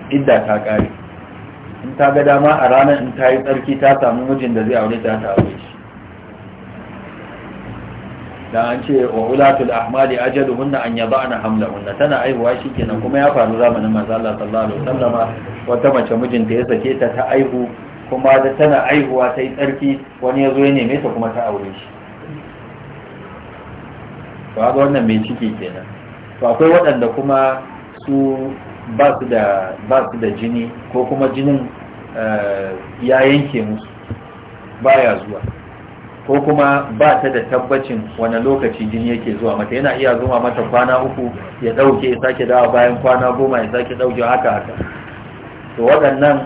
idda ta kare in ta ga dama a ranar in ta yi tsarki ta samu mijin da zai aure ta ta aure shi da an ce wa ulatul ahmali hunna an ana hamla. hunna tana aihuwa shi kenan kuma ya faru zamanin manzo Allah sallallahu alaihi wata mace mijinta ya sake ta ta aihu kuma da tana aihuwa ta yi tsarki wani ya zo ya neme ta kuma ta aure shi ba wannan mai ciki kenan to akwai waɗanda kuma su ba su da ba su da jini ko kuma jinin eh, ya yanke musu baya zuwa ko kuma ba ta da tabbacin wani lokaci jini yake zuwa mata yana iya zuwa mata kwana uku ya dauke ya sake dawa bayan kwana goma ya sake ɗauke haka haka to waɗannan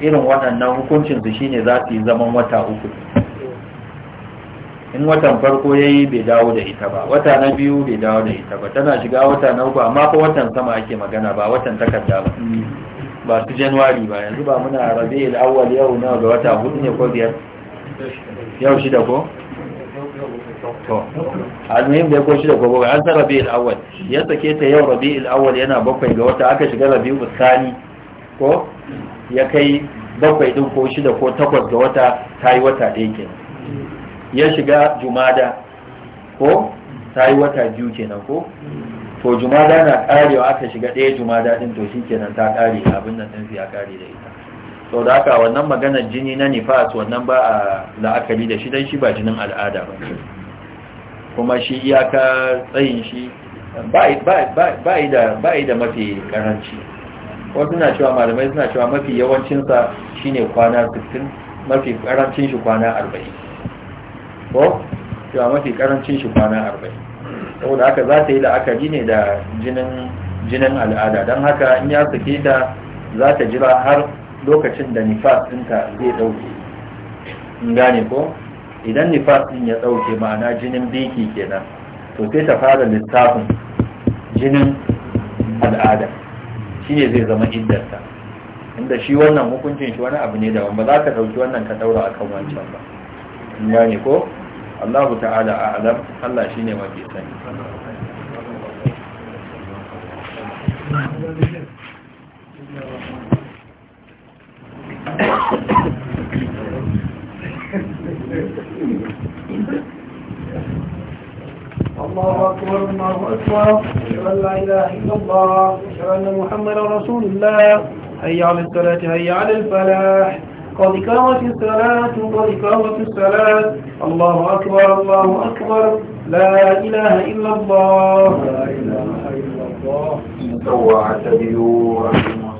irin waɗannan hukuncinsu shine za su yi zaman wata uku in watan farko ya yi bai dawo da ita ba wata na biyu bai dawo da ita ba tana shiga wata na uku amma fa watan sama ake magana ba watan takarda ba ba su januwari ba yanzu ba muna rabe al'awwal yau na ga wata hudu ne ko biyar yau shida ko to almuhim da ko shida ko gobe, an san rabi'ul awwal ya sake ta yau rabi'ul awwal yana bakwai ga wata aka shiga rabi'ul thani ko ya kai bakwai din ko shida ko takwas ga wata ta yi wata ɗaya kenan ya shiga jumada ko ta yi wata biyu kenan ko to jumada na karewa aka shiga ɗaya jumada din to shi ta kare abin nan ɗin ya kare da ita sau da haka wannan maganar jini na nifas wannan ba a la'akari da shi dai shi ba jinin al'ada ba kuma shi iyaka tsayin shi ba yi da mafi karanci wasu na cewa malamai suna cewa mafi yawancinsa shine kwana 60 mafi karancin shi kwana 40 ko cewa mafi karancin shi kwana 40 da haka za ta yi la'akari ne da jinin al'ada don haka in ya suke da za ta jira har lokacin da nifas ɗinka zai ɗauke in gane ko idan nifas ɗin ya ɗauke ma'ana jinin biki kenan to sai ta fara littafin jinin al'ada shi ne zai zama iddarta inda shi wannan hukuncin shi wani abu ne da ba za ka ɗauki wannan ka ɗaura a kan wancan ba in gane ko allahu ta'ala a alam allah shi ne mafi sani الله أكبر الله أكبر أشهد أن لا إله إلا الله أشهد أن محمدا رسول الله هيا على الصلاة هيا على الفلاح قد قامت الصلاة قد قامت الصلاة الله أكبر الله أكبر لا إله إلا الله لا إله إلا الله سوى اعتدلوا